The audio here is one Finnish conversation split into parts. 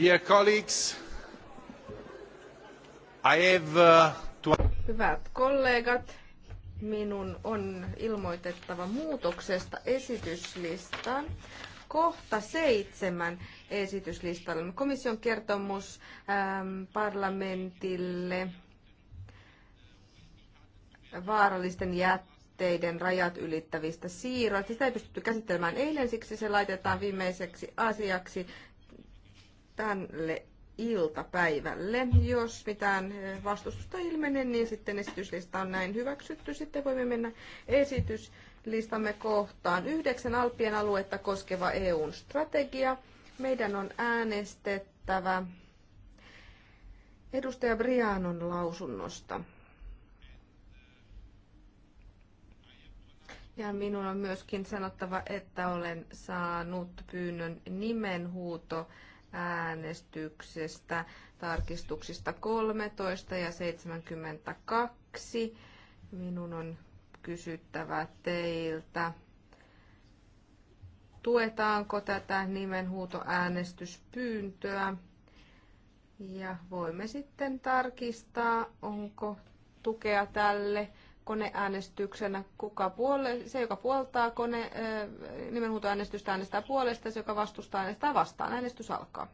Dear colleagues, I have uh, to... Hyvät kollegat, minun on ilmoitettava muutoksesta esityslistaan. Kohta seitsemän esityslistalla. Komission kertomus ähm, parlamentille vaarallisten jätteiden jätteiden rajat ylittävistä siirroista. Sitä ei pystytty käsittelemään eilen, siksi se laitetaan viimeiseksi asiaksi tälle iltapäivälle. Jos mitään vastustusta ilmenee, niin sitten esityslista on näin hyväksytty. Sitten voimme mennä esityslistamme kohtaan. Yhdeksän alpien aluetta koskeva EUn strategia. Meidän on äänestettävä edustaja Brianon lausunnosta. Ja minun on myöskin sanottava, että olen saanut pyynnön nimenhuuto äänestyksestä, tarkistuksista 13 ja 72. Minun on kysyttävä teiltä, tuetaanko tätä nimenhuutoäänestyspyyntöä ja voimme sitten tarkistaa, onko tukea tälle koneäänestyksenä. Kuka puole, se, joka puoltaa kone, nimenhuutoäänestystä, äänestää puolesta, se, joka vastustaa, äänestää vastaan. Äänestys alkaa.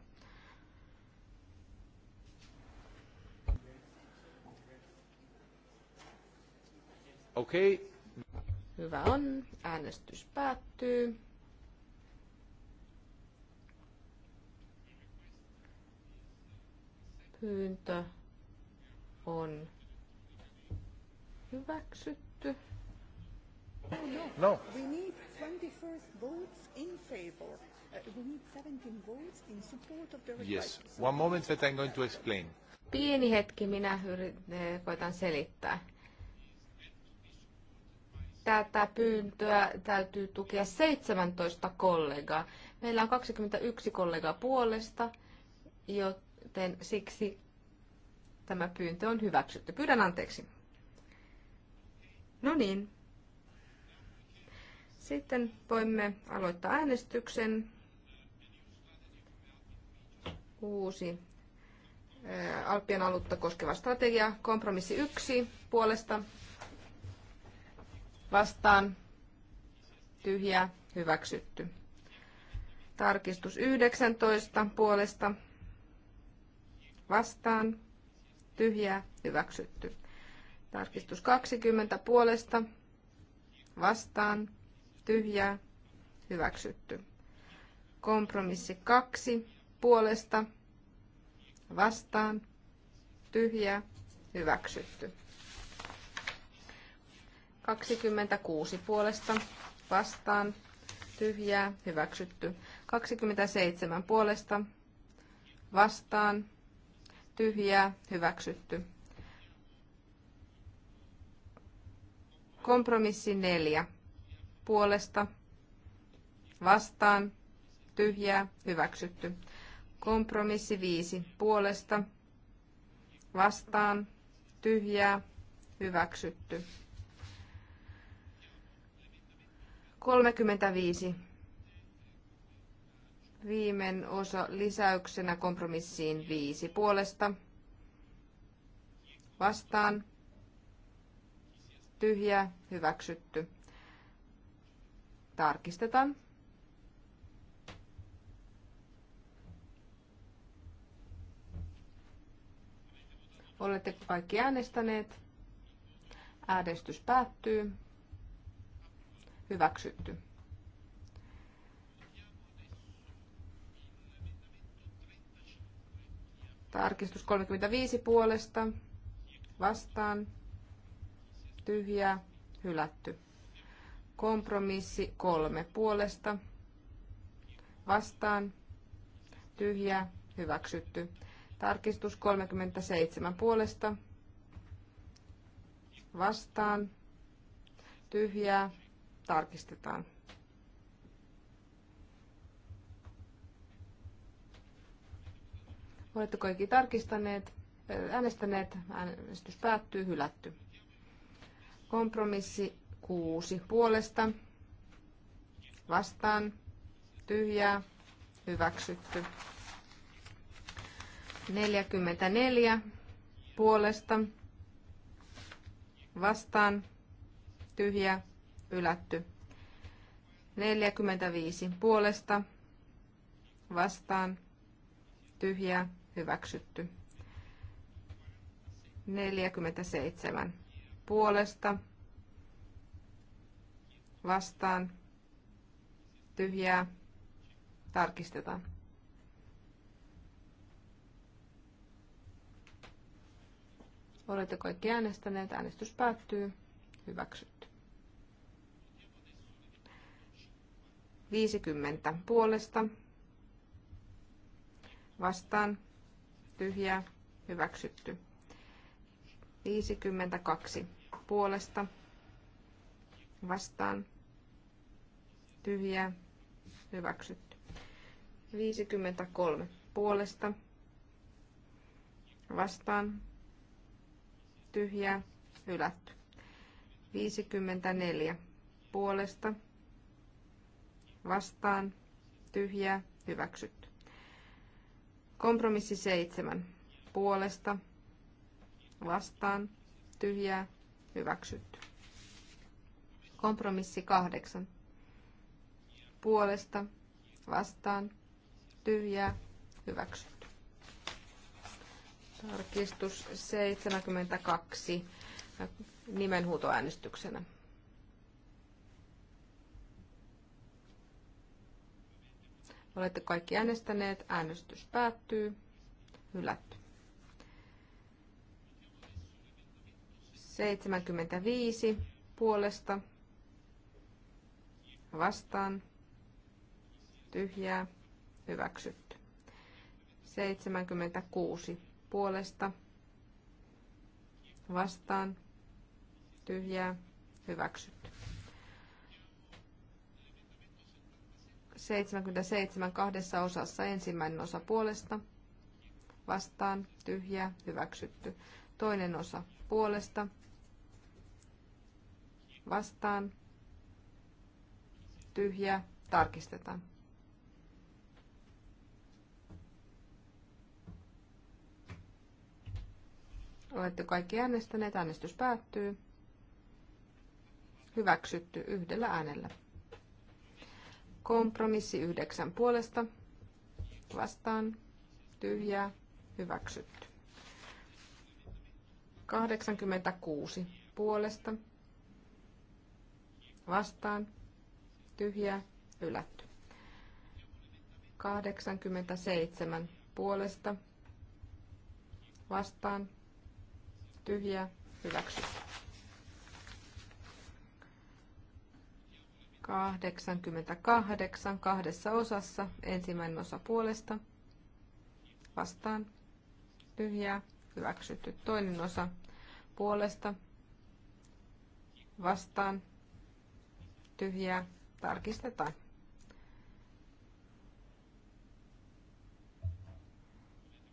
Okei. Okay. Hyvä on. Äänestys päättyy. Pyyntö on hyväksytty. No. We need 21 votes in favor. Uh, we need 17 votes in support of the request. Yes. One moment that I'm going to explain. Pieni hetki, minä eh, koitan selittää. Tätä pyyntöä täytyy tukea 17 kollegaa. Meillä on 21 kollegaa puolesta, joten siksi tämä pyyntö on hyväksytty. Pyydän anteeksi. No niin. Sitten voimme aloittaa äänestyksen. Uusi äh, Alppien alutta koskeva strategia. Kompromissi yksi puolesta. Vastaan. tyhjä Hyväksytty. Tarkistus 19 puolesta. Vastaan. tyhjä Hyväksytty. Tarkistus 20 puolesta vastaan tyhjää hyväksytty. Kompromissi 2 puolesta vastaan tyhjää hyväksytty. 26 puolesta vastaan tyhjää hyväksytty. 27 puolesta vastaan tyhjää hyväksytty. Kompromissi neljä. Puolesta. Vastaan. Tyhjää. Hyväksytty. Kompromissi viisi. Puolesta. Vastaan. Tyhjää. Hyväksytty. 35. Viimeinen osa lisäyksenä kompromissiin 5 puolesta. Vastaan tyhjä hyväksytty. Tarkistetaan. Oletteko kaikki äänestäneet? Äänestys päättyy. Hyväksytty. Tarkistus 35 puolesta. Vastaan tyhjää, hylätty. Kompromissi kolme puolesta, vastaan, tyhjää, hyväksytty. Tarkistus 37 puolesta, vastaan, tyhjää, tarkistetaan. Oletteko kaikki tarkistaneet, äänestäneet, äänestys päättyy, hylätty. Kompromissi kuusi puolesta. Vastaan. Tyhjää. Hyväksytty. 44 puolesta. Vastaan. Tyhjä. Ylätty. 45 puolesta. Vastaan. Tyhjä. Hyväksytty. 47 puolesta vastaan tyhjää tarkistetaan. Olette kaikki äänestäneet. Äänestys päättyy. Hyväksytty. 50 puolesta. Vastaan. Tyhjää. Hyväksytty. 52 puolesta vastaan tyhjää hyväksytty. 53 puolesta vastaan tyhjää hylätty. 54 puolesta vastaan tyhjää hyväksytty. Kompromissi 7 puolesta vastaan tyhjää Hyväksytty. Kompromissi kahdeksan. Puolesta, vastaan, tyhjää, hyväksytty. Tarkistus 72 nimenhuutoäänestyksenä. Olette kaikki äänestäneet. Äänestys päättyy. Hylätty. 75 puolesta vastaan tyhjää hyväksytty. 76 puolesta vastaan tyhjää hyväksytty. 77 kahdessa osassa ensimmäinen osa puolesta vastaan tyhjää hyväksytty. Toinen osa puolesta vastaan, tyhjä, tarkistetaan. Olette kaikki äänestäneet, äänestys päättyy. Hyväksytty yhdellä äänellä. Kompromissi yhdeksän puolesta. Vastaan. Tyhjää. Hyväksytty. 86 puolesta vastaan, tyhjä ylätty. 87 puolesta, vastaan, tyhjä, hyväksy. 88 kahdessa osassa, ensimmäinen osa puolesta, vastaan, tyhjä hyväksytty. Toinen osa puolesta, vastaan, tyhjää tarkistetaan.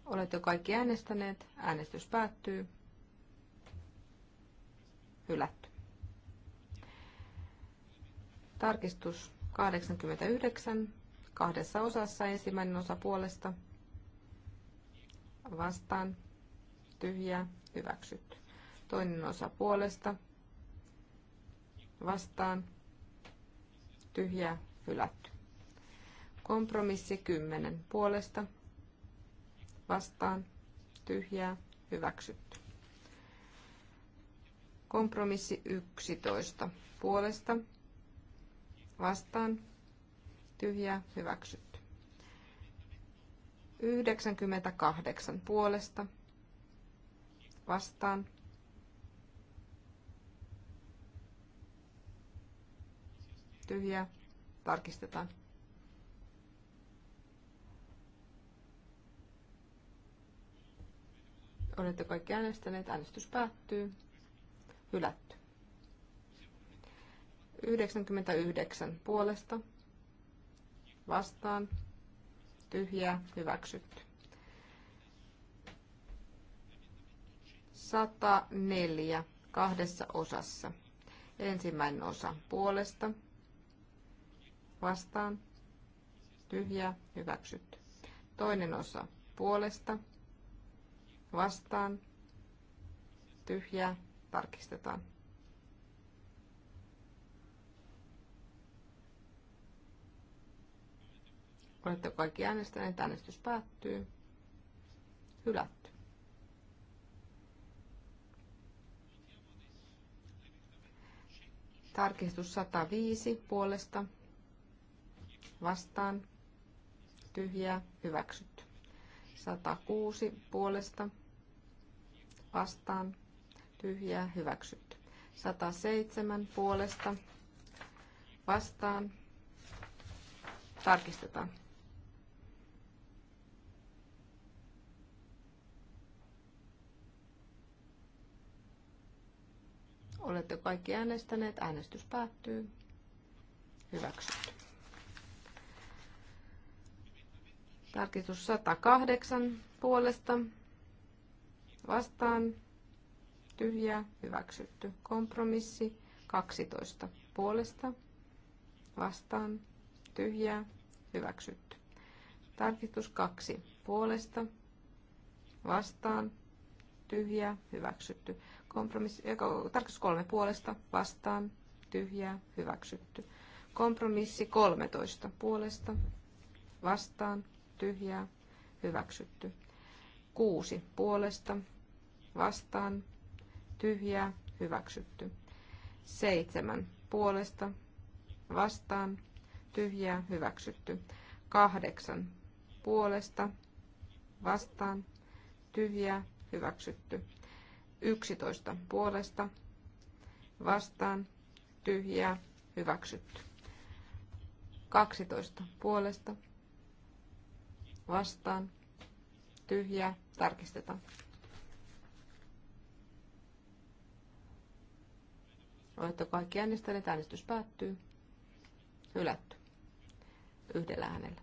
Olette kaikki äänestäneet. Äänestys päättyy. Hylätty. Tarkistus 89. Kahdessa osassa ensimmäinen osa puolesta. Vastaan. Tyhjää. Hyväksytty. Toinen osa puolesta. Vastaan tyhjää, hylätty. Kompromissi 10 puolesta, vastaan, tyhjää, hyväksytty. Kompromissi 11 puolesta, vastaan, tyhjää, hyväksytty. 98 puolesta, vastaan, tyhjää, tarkistetaan. Olette kaikki äänestäneet, äänestys päättyy, hylätty. 99 puolesta, vastaan, tyhjää, hyväksytty. 104 kahdessa osassa. Ensimmäinen osa puolesta vastaan, tyhjä hyväksytty. Toinen osa puolesta, vastaan, tyhjä tarkistetaan. Olette kaikki äänestäneet, äänestys päättyy. Hylätty. Tarkistus 105 puolesta vastaan, tyhjää, hyväksytty. 106 puolesta, vastaan, tyhjää, hyväksytty. 107 puolesta, vastaan, tarkistetaan. Olette kaikki äänestäneet. Äänestys päättyy. hyväksyt Tarkistus 108 puolesta vastaan tyhjää hyväksytty. Kompromissi 12 puolesta vastaan tyhjää hyväksytty. Tarkistus 2 puolesta vastaan tyhjää hyväksytty. Kompromissi, eh, tarkistus 3 puolesta vastaan tyhjää hyväksytty. Kompromissi 13 puolesta vastaan tyhjää, hyväksytty. Kuusi puolesta, vastaan, tyhjää, hyväksytty. Seitsemän puolesta, vastaan, tyhjää, hyväksytty. Kahdeksan puolesta, vastaan, tyhjää, hyväksytty. Yksitoista puolesta, vastaan, tyhjää, hyväksytty. 12 puolesta vastaan, tyhjää, tarkistetaan. Olette kaikki äänestäneet, äänestys päättyy. Hylätty. Yhdellä äänellä.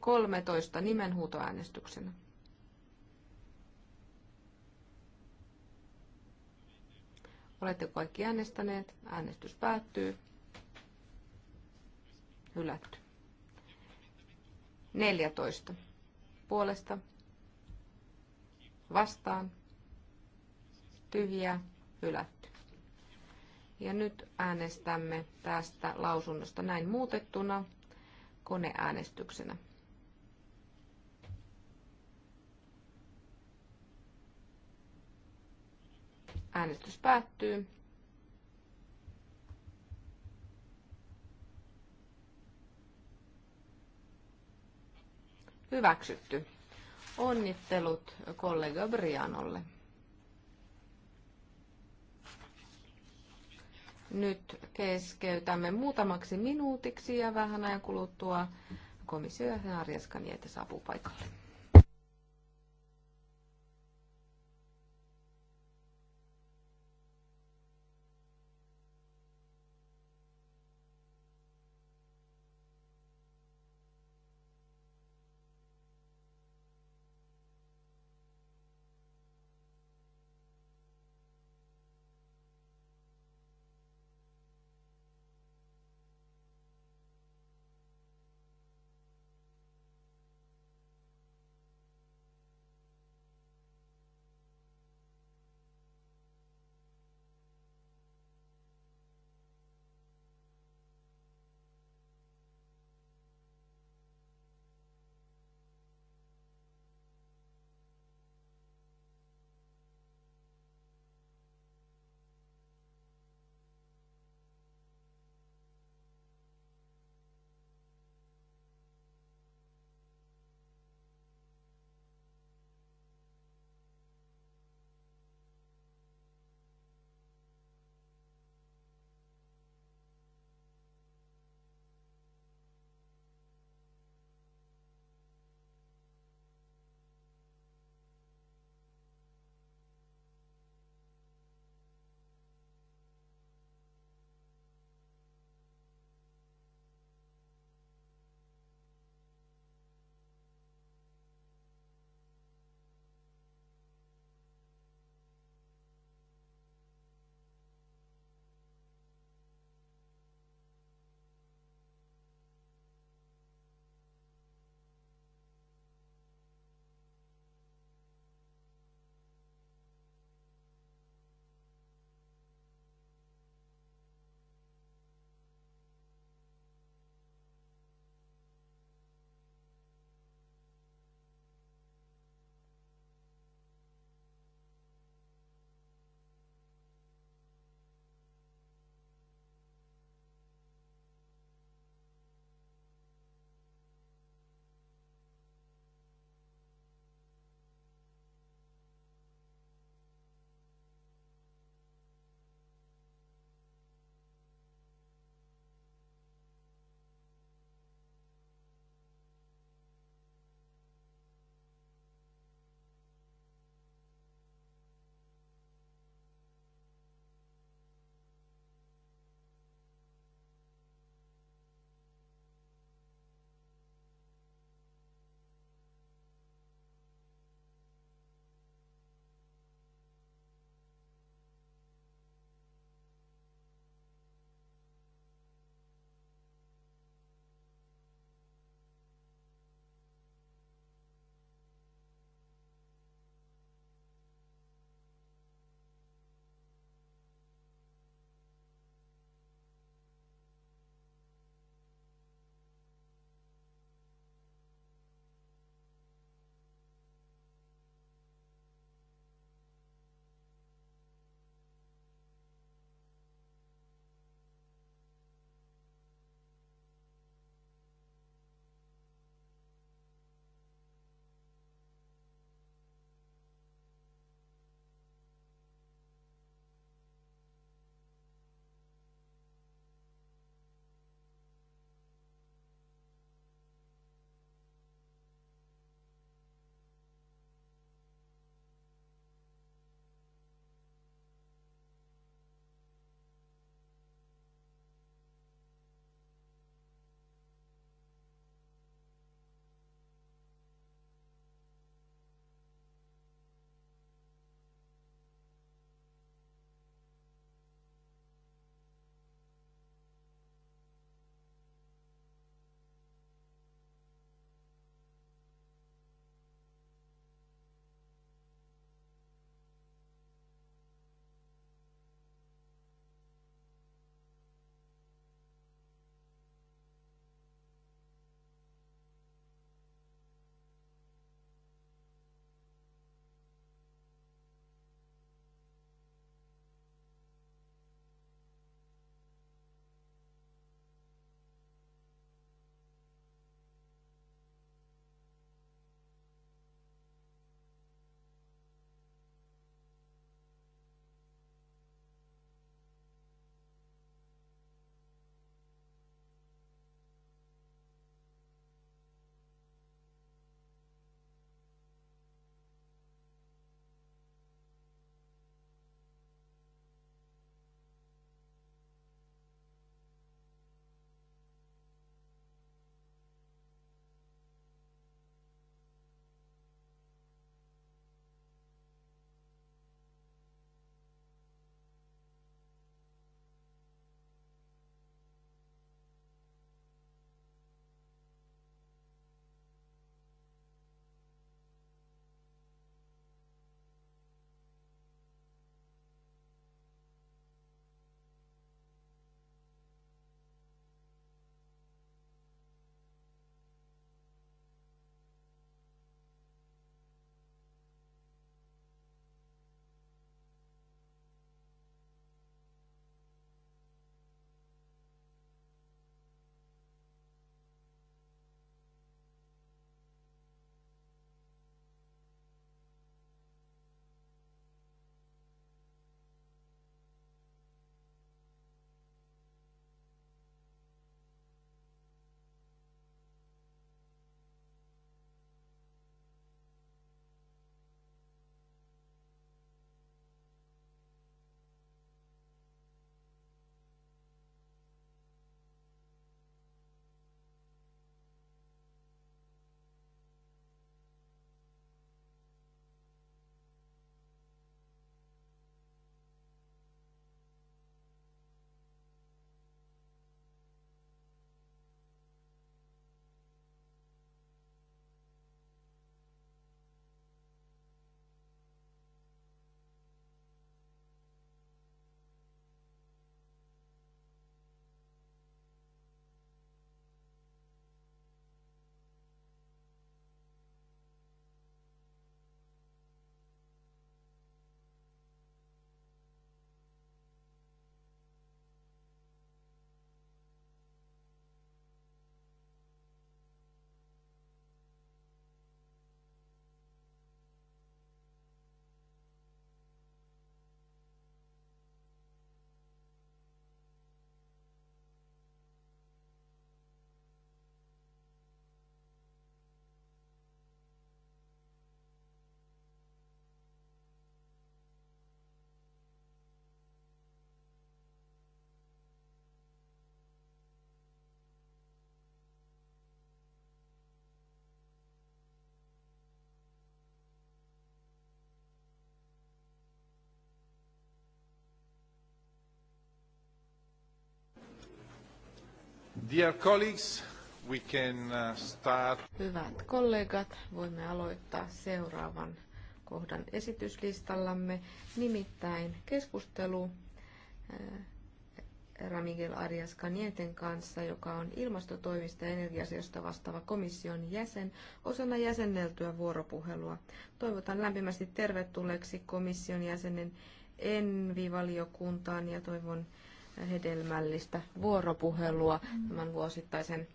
Kolmetoista nimenhuutoäänestyksenä. Olette kaikki äänestäneet, äänestys päättyy. Hylätty. 14. Puolesta. Vastaan. Tyhjää. Hylätty. Ja nyt äänestämme tästä lausunnosta näin muutettuna koneäänestyksenä. Äänestys päättyy. Hyväksytty. Onnittelut kollega Brianolle. Nyt keskeytämme muutamaksi minuutiksi ja vähän ajan kuluttua komissio ja saapuu paikalle. Dear colleagues, we can uh, start. Hyvät kollegat, voimme aloittaa seuraavan kohdan esityslistallamme, nimittäin keskustelu äh, Ramigel Arias Kanieten kanssa, joka on ilmastotoimista ja energiasiosta vastaava komission jäsen, osana jäsenneltyä vuoropuhelua. Toivotan lämpimästi tervetulleeksi komission jäsenen Envi-valiokuntaan ja toivon hedelmällistä vuoropuhelua tämän vuosittaisen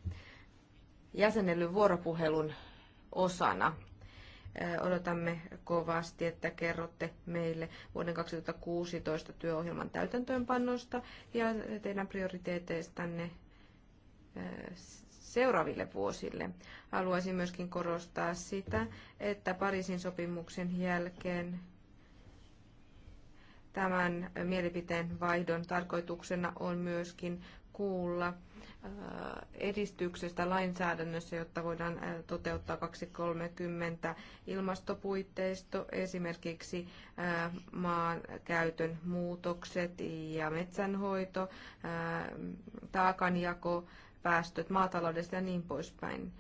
jäsenellyn vuoropuhelun osana. Odotamme kovasti, että kerrotte meille vuoden 2016 työohjelman täytäntöönpannosta ja teidän prioriteeteistanne seuraaville vuosille. Haluaisin myöskin korostaa sitä, että Pariisin sopimuksen jälkeen Tämän mielipiteen vaihdon tarkoituksena on myöskin kuulla edistyksestä lainsäädännössä, jotta voidaan toteuttaa 2030 ilmastopuitteisto, esimerkiksi maan käytön muutokset ja metsänhoito, taakanjako, päästöt maataloudesta ja niin poispäin.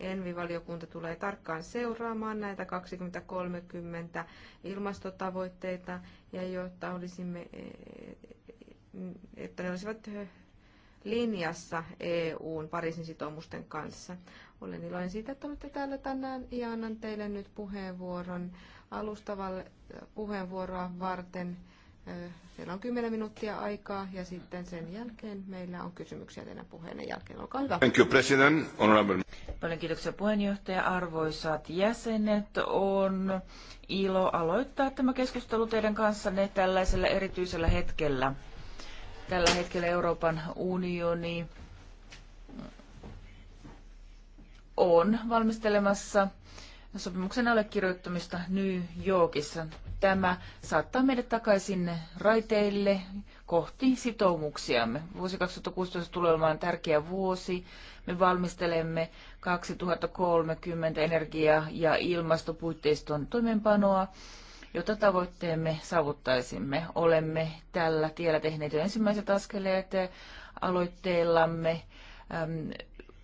Envivaliokunta tulee tarkkaan seuraamaan näitä 2030 ilmastotavoitteita ja jotta olisimme, e, e, että ne olisivat e, linjassa EUn Pariisin sitoumusten kanssa. Olen iloinen siitä, että olette täällä tänään ja annan teille nyt puheenvuoron alustavalle puheenvuoroa varten Teillä on 10 minuuttia aikaa ja sitten sen jälkeen meillä on kysymyksiä teidän puheenne jälkeen. Olkaa hyvä. Thank you, President. Honorable. Paljon kiitoksia puheenjohtaja. Arvoisat jäsenet, on ilo aloittaa tämä keskustelu teidän kanssanne tällaisella erityisellä hetkellä. Tällä hetkellä Euroopan unioni on valmistelemassa sopimuksen allekirjoittamista New Yorkissa tämä saattaa meidät takaisin raiteille kohti sitoumuksiamme. Vuosi 2016 tulee olemaan tärkeä vuosi. Me valmistelemme 2030 energia- ja ilmastopuitteiston toimeenpanoa, jota tavoitteemme saavuttaisimme. Olemme tällä tiellä tehneet jo ensimmäiset askeleet aloitteillamme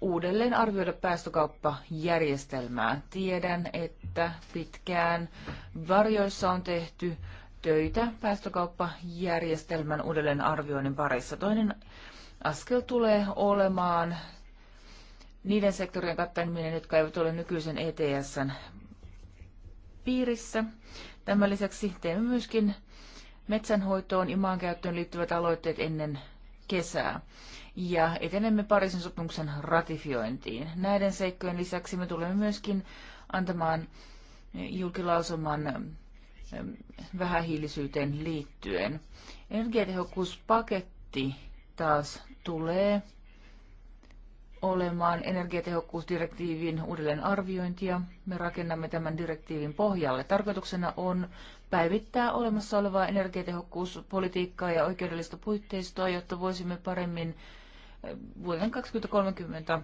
uudelleen arvioida päästökauppajärjestelmää. Tiedän, että pitkään varjoissa on tehty töitä päästökauppajärjestelmän uudelleen arvioinnin parissa. Toinen askel tulee olemaan niiden sektorien kattaminen, jotka eivät ole nykyisen ETSn piirissä. Tämän lisäksi teemme myöskin metsänhoitoon ja maankäyttöön liittyvät aloitteet ennen kesää ja etenemme Pariisin sopimuksen ratifiointiin. Näiden seikkojen lisäksi me tulemme myöskin antamaan julkilausuman ähm, vähähiilisyyteen liittyen. Energiatehokkuuspaketti taas tulee olemaan energiatehokkuusdirektiivin uudelleen arviointia. Me rakennamme tämän direktiivin pohjalle. Tarkoituksena on päivittää olemassa olevaa energiatehokkuuspolitiikkaa ja oikeudellista puitteistoa, jotta voisimme paremmin eh, vuoden 2030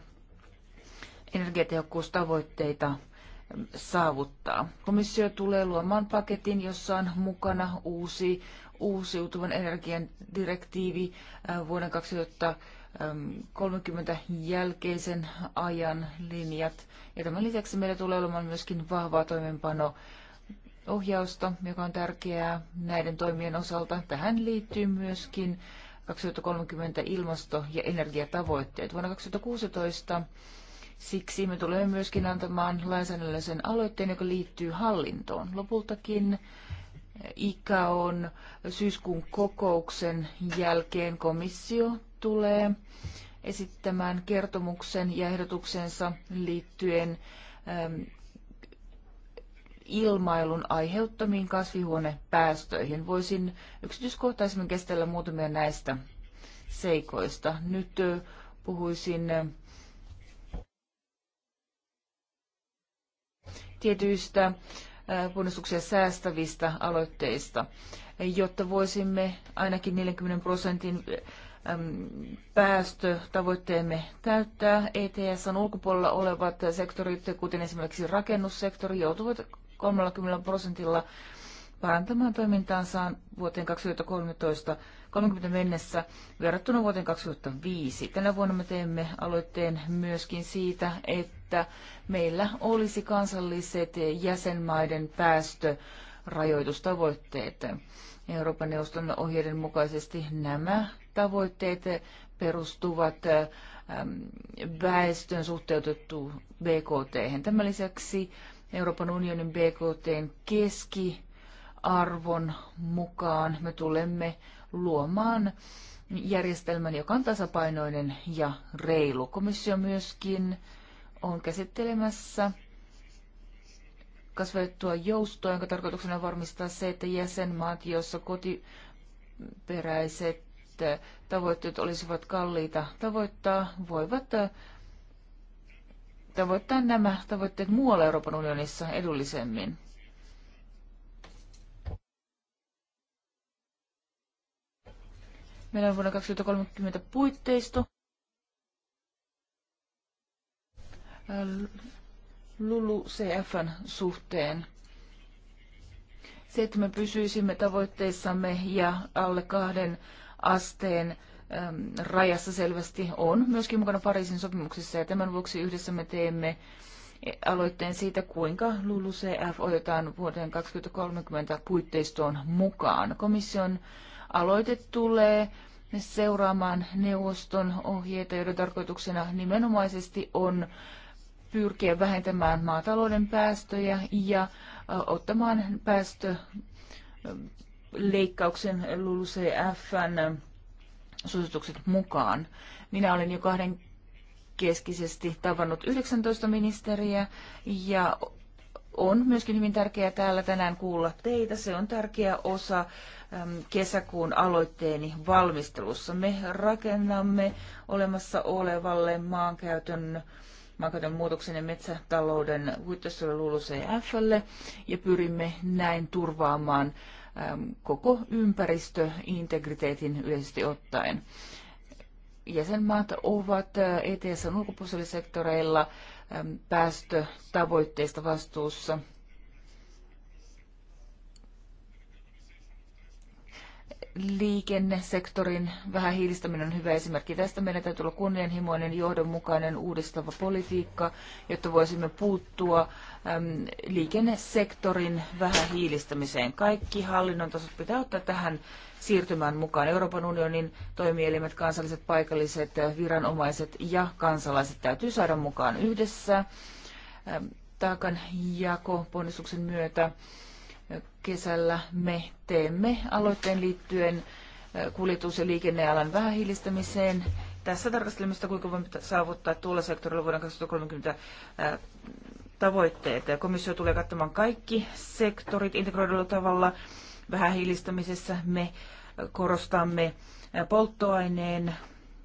energiatehokkuustavoitteita eh, saavuttaa. Komissio tulee luomaan paketin, jossa on mukana uusi uusiutuvan energian direktiivi eh, vuoden 2030 jälkeisen ajan linjat. Ja tämän lisäksi meillä tulee olemaan myöskin vahvaa toimeenpano ohjausta, joka on tärkeää näiden toimien osalta. Tähän liittyy myöskin 2030 ilmasto- ja energiatavoitteet. Vuonna 2016 siksi me tulemme myöskin antamaan lainsäädännöllisen aloitteen, joka liittyy hallintoon. Lopultakin ICAOn syyskuun kokouksen jälkeen komissio tulee esittämään kertomuksen ja ehdotuksensa liittyen ilmailun aiheuttamiin kasvihuonepäästöihin. Voisin yksityiskohtaisemmin kestellä muutamia näistä seikoista. Nyt puhuisin tietyistä puhdistuksia säästävistä aloitteista, jotta voisimme ainakin 40 prosentin päästötavoitteemme täyttää. ETSn ulkopuolella olevat sektorit, kuten esimerkiksi rakennussektori, joutuvat 30 prosentilla parantamaan toimintaansaan vuoteen 2013 30 mennessä verrattuna vuoteen 2005. Tänä vuonna me teemme aloitteen myöskin siitä, että meillä olisi kansalliset jäsenmaiden päästörajoitustavoitteet. Euroopan neuvoston ohjeiden mukaisesti nämä tavoitteet perustuvat ähm, väestön suhteutettu BKT. Tämän lisäksi Euroopan unionin BKTn keskiarvon mukaan me tulemme luomaan järjestelmän, joka on tasapainoinen ja reilu. Komissio myöskin on käsittelemässä kasvettua joustoa, jonka tarkoituksena on varmistaa se, että jäsenmaat, joissa kotiperäiset tavoitteet olisivat kalliita tavoittaa, voivat tavoittaa nämä tavoitteet muualla Euroopan unionissa edullisemmin. Meillä on vuonna 2030 puitteisto. Äh, Lulu CFn suhteen. Se, että me pysyisimme tavoitteissamme ja alle kahden asteen rajassa selvästi on myöskin mukana Pariisin sopimuksessa ja tämän vuoksi yhdessä me teemme aloitteen siitä, kuinka LULUCF otetaan vuoteen 2030 puitteistoon mukaan. Komission aloite tulee seuraamaan neuvoston ohjeita, joiden tarkoituksena nimenomaisesti on pyrkiä vähentämään maatalouden päästöjä ja ottamaan päästöleikkauksen LULUCFn suositukset mukaan. Minä olen jo kahden keskisesti tavannut 19 ministeriä ja on myöskin hyvin tärkeää täällä tänään kuulla teitä. Se on tärkeä osa kesäkuun aloitteeni valmistelussa. Me rakennamme olemassa olevalle maankäytön maankäytön muutoksen ja metsätalouden huittosuojelulu LULUCFlle ja pyrimme näin turvaamaan koko ympäristöintegriteetin yleisesti ottaen. Jäsenmaat ovat ETS ulkopuolisilla sektoreilla päästötavoitteista vastuussa. liikennesektorin vähähiilistäminen on hyvä esimerkki tästä. Meidän täytyy olla kunnianhimoinen, johdonmukainen, uudistava politiikka, jotta voisimme puuttua liikennesektorin vähähiilistämiseen. Kaikki hallinnon tasot pitää ottaa tähän siirtymään mukaan. Euroopan unionin toimielimet, kansalliset, paikalliset, äh, viranomaiset ja kansalaiset täytyy saada mukaan yhdessä taakan jakoponnistuksen myötä. Äh, kesällä me teemme aloitteen liittyen äh, kuljetus- ja liikennealan vähähiilistämiseen tässä sitä, kuinka voimme saavuttaa tuolla sektorilla vuoden 2030 tavoitteet. Komissio tulee katsomaan kaikki sektorit integroidulla tavalla vähähiilistämisessä. Me korostamme polttoaineen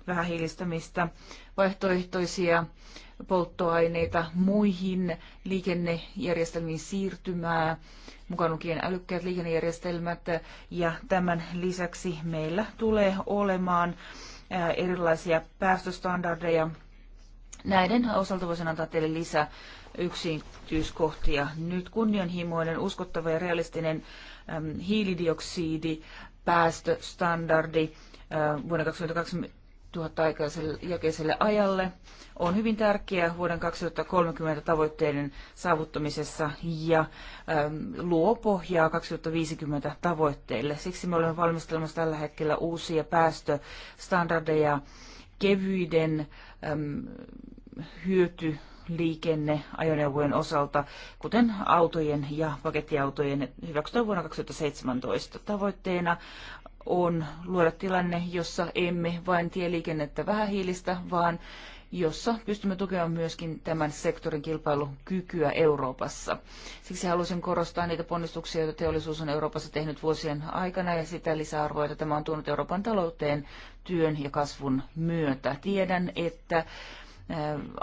vähähiilistämistä, vaihtoehtoisia polttoaineita muihin liikennejärjestelmiin siirtymää, mukaan lukien älykkäät liikennejärjestelmät. Ja tämän lisäksi meillä tulee olemaan erilaisia päästöstandardeja Näiden osalta voisin antaa teille lisää yksityiskohtia. Nyt kunnianhimoinen, uskottava ja realistinen äm, hiilidioksidi, päästöstandardi äh, vuonna 2020 jälkeiselle ajalle on hyvin tärkeä vuoden 2030 tavoitteiden saavuttamisessa ja äm, luo pohjaa 2050 tavoitteille. Siksi me olemme valmistelemassa tällä hetkellä uusia päästöstandardeja kevyiden äm, hyöty liikenne ajoneuvojen osalta, kuten autojen ja pakettiautojen hyväksytään vuonna 2017. Tavoitteena on luoda tilanne, jossa emme vain tieliikennettä vähähiilistä, vaan jossa pystymme tukemaan myöskin tämän sektorin kilpailukykyä Euroopassa. Siksi halusin korostaa niitä ponnistuksia, joita teollisuus on Euroopassa tehnyt vuosien aikana ja sitä lisäarvoa, että tämä on tuonut Euroopan talouteen työn ja kasvun myötä. Tiedän, että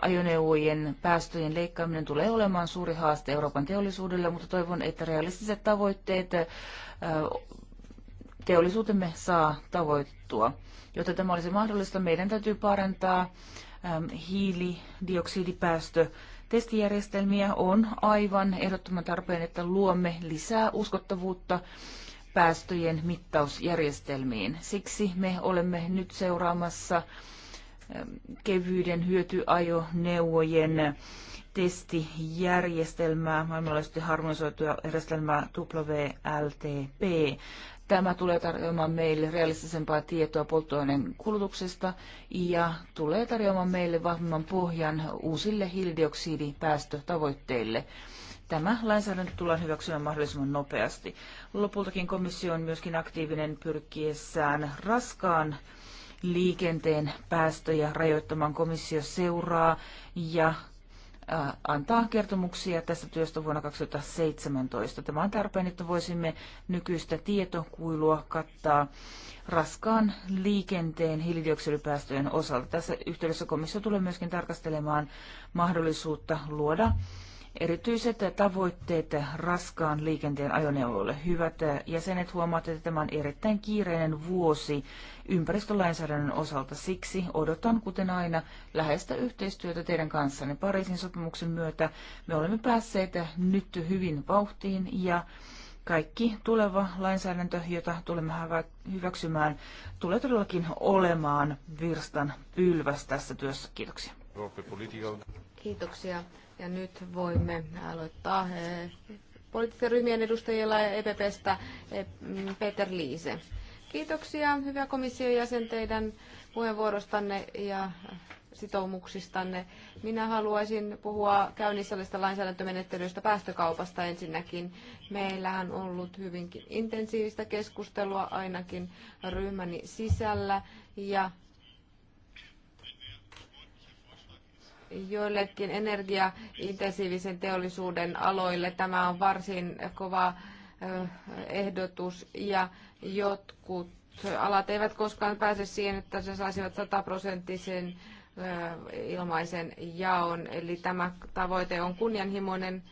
ajoneuvojen päästöjen leikkaaminen tulee olemaan suuri haaste Euroopan teollisuudelle, mutta toivon, että realistiset tavoitteet teollisuutemme saa tavoittua. Jotta tämä olisi mahdollista, meidän täytyy parantaa hiilidioksidipäästö testijärjestelmiä on aivan ehdottoman tarpeen, että luomme lisää uskottavuutta päästöjen mittausjärjestelmiin. Siksi me olemme nyt seuraamassa kevyiden hyötyajoneuvojen testijärjestelmää, maailmanlaajuisesti harmonisoitua järjestelmää WLTP. Tämä tulee tarjoamaan meille realistisempaa tietoa polttoaineen kulutuksesta ja tulee tarjoamaan meille vahvemman pohjan uusille hiilidioksidipäästötavoitteille. Tämä lainsäädäntö tullaan hyväksymään mahdollisimman nopeasti. Lopultakin komissio on myöskin aktiivinen pyrkiessään raskaan liikenteen päästöjä rajoittamaan komissio seuraa ja antaa kertomuksia tästä työstä vuonna 2017. Tämä on tarpeen, että voisimme nykyistä tietokuilua kattaa raskaan liikenteen hiilidioksidipäästöjen osalta. Tässä yhteydessä komissio tulee myöskin tarkastelemaan mahdollisuutta luoda erityiset tavoitteet raskaan liikenteen ajoneuvoille. Hyvät jäsenet, huomaatte, että tämä on erittäin kiireinen vuosi ympäristölainsäädännön osalta. Siksi odotan, kuten aina, läheistä yhteistyötä teidän kanssanne. Pariisin sopimuksen myötä me olemme päässeet nyt hyvin vauhtiin ja kaikki tuleva lainsäädäntö, jota tulemme hyväksymään, tulee todellakin olemaan virstan pylväs tässä työssä. Kiitoksia. Kiitoksia ja nyt voimme aloittaa eh, poliittisten ryhmien edustajilla EPPstä eh, Peter Liise. Kiitoksia, hyvä komission jäsen, teidän puheenvuorostanne ja sitoumuksistanne. Minä haluaisin puhua käynnissä olevista lainsäädäntömenettelyistä päästökaupasta ensinnäkin. Meillähän on ollut hyvinkin intensiivistä keskustelua ainakin ryhmäni sisällä ja joillekin energiaintensiivisen teollisuuden aloille tämä on varsin kova ehdotus ja jotkut alat eivät koskaan pääse siihen, että se saisivat sataprosenttisen ilmaisen jaon. Eli tämä tavoite on kunnianhimoinen.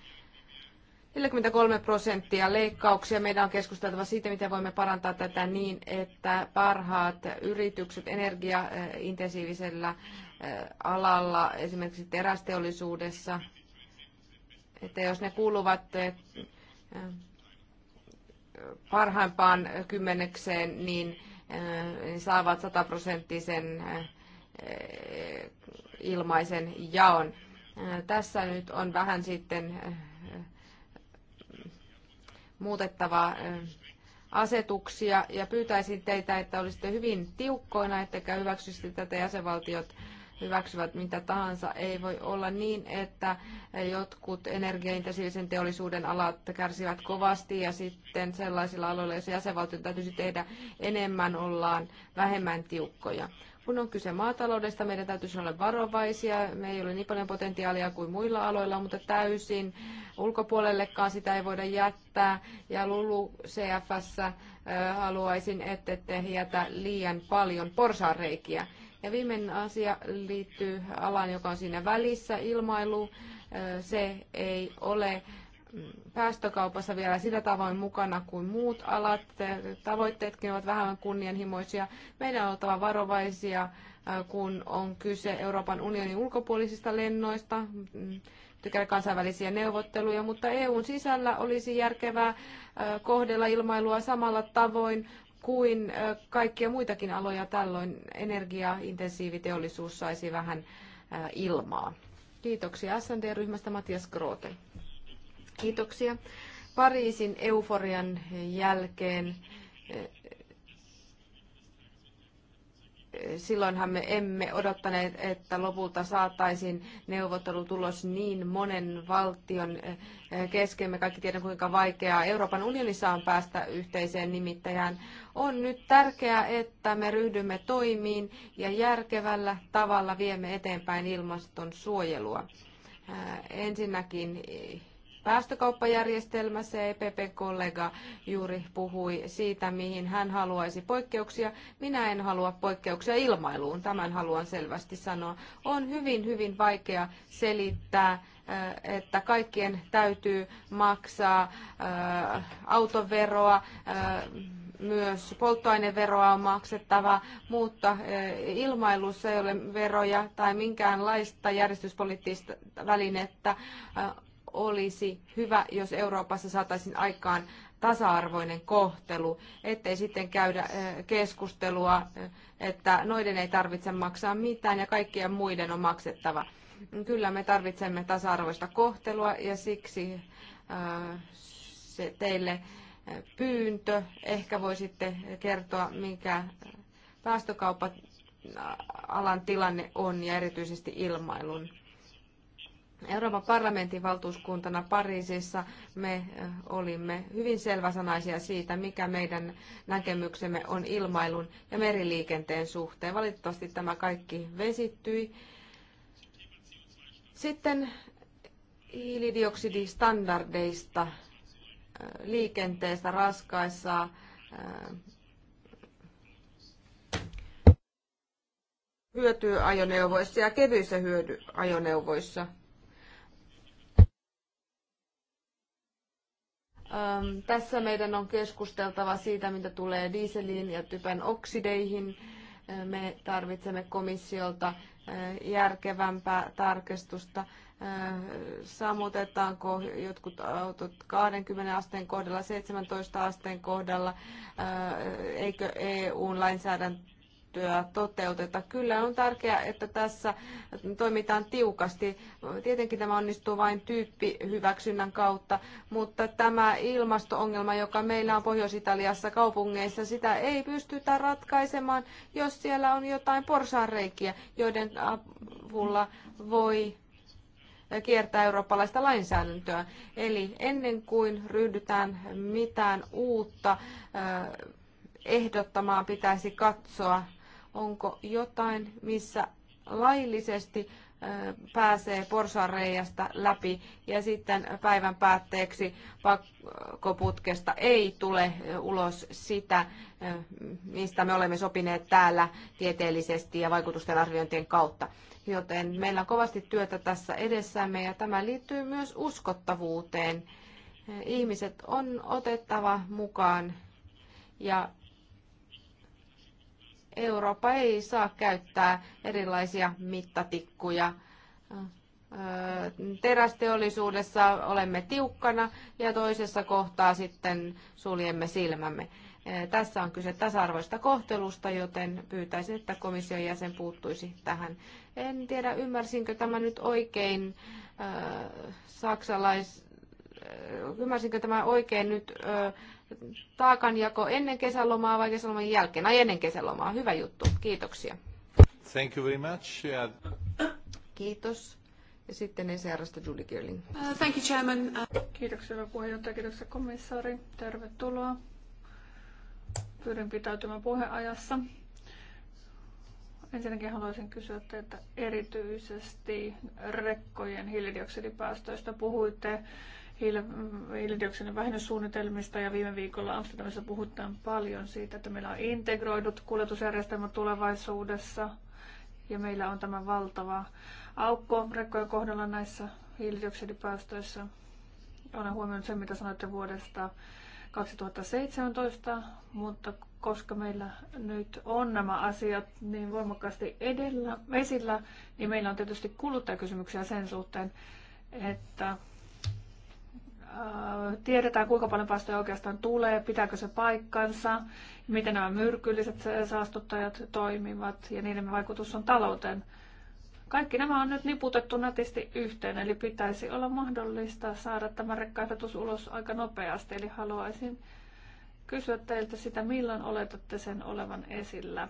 43 prosenttia leikkauksia. Meidän on keskusteltava siitä, miten voimme parantaa tätä niin, että parhaat yritykset energiaintensiivisellä alalla, esimerkiksi terästeollisuudessa, että jos ne kuuluvat eh, parhaimpaan kymmenekseen, niin eh, saavat sataprosenttisen eh, ilmaisen jaon. Tässä nyt on vähän sitten muutettava asetuksia ja pyytäisin teitä, että olisitte hyvin tiukkoina, ettekä hyväksyisitte tätä jäsenvaltiot hyväksyvät mitä tahansa. Ei voi olla niin, että jotkut energiaintensiivisen teollisuuden alat kärsivät kovasti ja sitten sellaisilla aloilla, joissa jäsenvaltion täytyisi tehdä enemmän, ollaan vähemmän tiukkoja. Kun on kyse maataloudesta, meidän täytyisi olla varovaisia. Me ei ole niin paljon potentiaalia kuin muilla aloilla, mutta täysin ulkopuolellekaan sitä ei voida jättää. Ja Lulu CFS äh, haluaisin, ette te jätä liian paljon porsareikiä. Ja viimeinen asia liittyy alaan, joka on siinä välissä, ilmailu. Se ei ole mm, päästökaupassa vielä sillä tavoin mukana kuin muut alat. Tavoitteetkin ovat vähän kunnianhimoisia. Meidän on oltava varovaisia, kun on kyse Euroopan unionin ulkopuolisista lennoista mm, tykkää kansainvälisiä neuvotteluja, mutta EUn sisällä olisi järkevää kohdella ilmailua samalla tavoin kuin kaikkia muitakin aloja tällöin energiaintensiiviteollisuus saisi vähän ilmaa. Kiitoksia SND-ryhmästä Matias Grote. Kiitoksia. Pariisin euforian jälkeen silloinhan me emme odottaneet, että lopulta saataisiin neuvottelutulos niin monen valtion eh, kesken. Me kaikki tiedämme, kuinka vaikeaa Euroopan unionissa on päästä yhteiseen nimittäjään. On nyt tärkeää, että me ryhdymme toimiin ja järkevällä tavalla viemme eteenpäin ilmaston suojelua. Eh, ensinnäkin eh, päästökauppajärjestelmässä. EPPn kollega juuri puhui siitä, mihin hän haluaisi poikkeuksia. Minä en halua poikkeuksia ilmailuun, tämän haluan selvästi sanoa. On hyvin, hyvin vaikea selittää eh, että kaikkien täytyy maksaa eh, autoveroa, eh, myös polttoaineveroa on maksettava, mutta ilmailussa ei ole veroja tai minkäänlaista järjestyspoliittista välinettä olisi hyvä, jos Euroopassa saataisiin aikaan tasa-arvoinen kohtelu, ettei sitten käydä keskustelua, että noiden ei tarvitse maksaa mitään ja kaikkien muiden on maksettava. Kyllä me tarvitsemme tasa-arvoista kohtelua ja siksi se teille pyyntö. Ehkä voisitte kertoa, mikä päästökauppa alan tilanne on ja erityisesti ilmailun Euroopan parlamentin valtuuskuntana Pariisissa me olimme hyvin selväsanaisia siitä, mikä meidän näkemyksemme on ilmailun ja meriliikenteen suhteen. Valitettavasti tämä kaikki vesittyi. Sitten hiilidioksidistandardeista liikenteestä raskaissa hyötyajoneuvoissa ja kevyissä hyödyajoneuvoissa – Ähm, tässä meidän on keskusteltava siitä, mitä tulee dieseliin ja typen oksideihin. Äh, me tarvitsemme komissiolta äh, järkevämpää tarkistusta. Äh, sammutetaanko jotkut autot 20 asteen kohdalla, 17 asteen kohdalla, eikö eu lainsäädäntö käyttöä toteuteta. Kyllä on tärkeää, että tässä toimitaan tiukasti. Tietenkin tämä onnistuu vain tyyppihyväksynnän kautta, mutta tämä ilmastoongelma, joka meillä on Pohjois-Italiassa kaupungeissa, sitä ei pystytä ratkaisemaan, jos siellä on jotain porsaanreikiä, joiden avulla voi kiertää eurooppalaista lainsäädäntöä. Eli ennen kuin ryhdytään mitään uutta ehdottamaan, pitäisi katsoa onko jotain, missä laillisesti pääsee porsareijasta läpi ja sitten päivän päätteeksi pakkoputkesta ei tule ulos sitä, mistä me olemme sopineet täällä tieteellisesti ja vaikutusten arviointien kautta. Joten meillä on kovasti työtä tässä edessämme ja tämä liittyy myös uskottavuuteen. Ihmiset on otettava mukaan ja Eurooppa ei saa käyttää erilaisia mittatikkuja. Terästeollisuudessa olemme tiukkana ja toisessa kohtaa sitten suljemme silmämme. Tässä on kyse tasa-arvoista kohtelusta, joten pyytäisin, että komission jäsen puuttuisi tähän. En tiedä, ymmärsinkö tämä nyt oikein saksalais... Ymmärsinkö tämä oikein nyt taakanjako ennen kesälomaa vai kesäloman jälkeen? Ai ennen kesälomaa. Hyvä juttu. Kiitoksia. Thank you very much. Yeah. Kiitos. Ja sitten ECRstä Julie Girling. Uh, thank you, Chairman. Uh... Kiitoksia, hyvä puheenjohtaja. Kiitoksia, komissaari. Tervetuloa. Pyrin pitäytymään puheajassa. Ensinnäkin haluaisin kysyä teiltä erityisesti rekkojen hiilidioksidipäästöistä. Puhuitte hiilidioksidin vähennyssuunnitelmista ja viime viikolla Amsterdamissa puhutaan paljon siitä, että meillä on integroidut kuljetusjärjestelmä tulevaisuudessa ja meillä on tämä valtava aukko rekkojen kohdalla näissä hiilidioksidipäästöissä. Olen huomioinut sen, mitä sanoitte vuodesta 2017, mutta koska meillä nyt on nämä asiat niin voimakkaasti edellä, esillä, niin meillä on tietysti kuluttajakysymyksiä sen suhteen, että Äh, tiedetään, kuinka paljon päästöjä oikeastaan tulee, pitääkö se paikkansa, miten nämä myrkylliset saastuttajat toimivat ja niiden vaikutus on talouteen. Kaikki nämä on nyt niputettu nätisti yhteen, eli pitäisi olla mahdollista saada tämä rekkaehdotus ulos aika nopeasti. Eli haluaisin kysyä teiltä sitä, milloin oletatte sen olevan esillä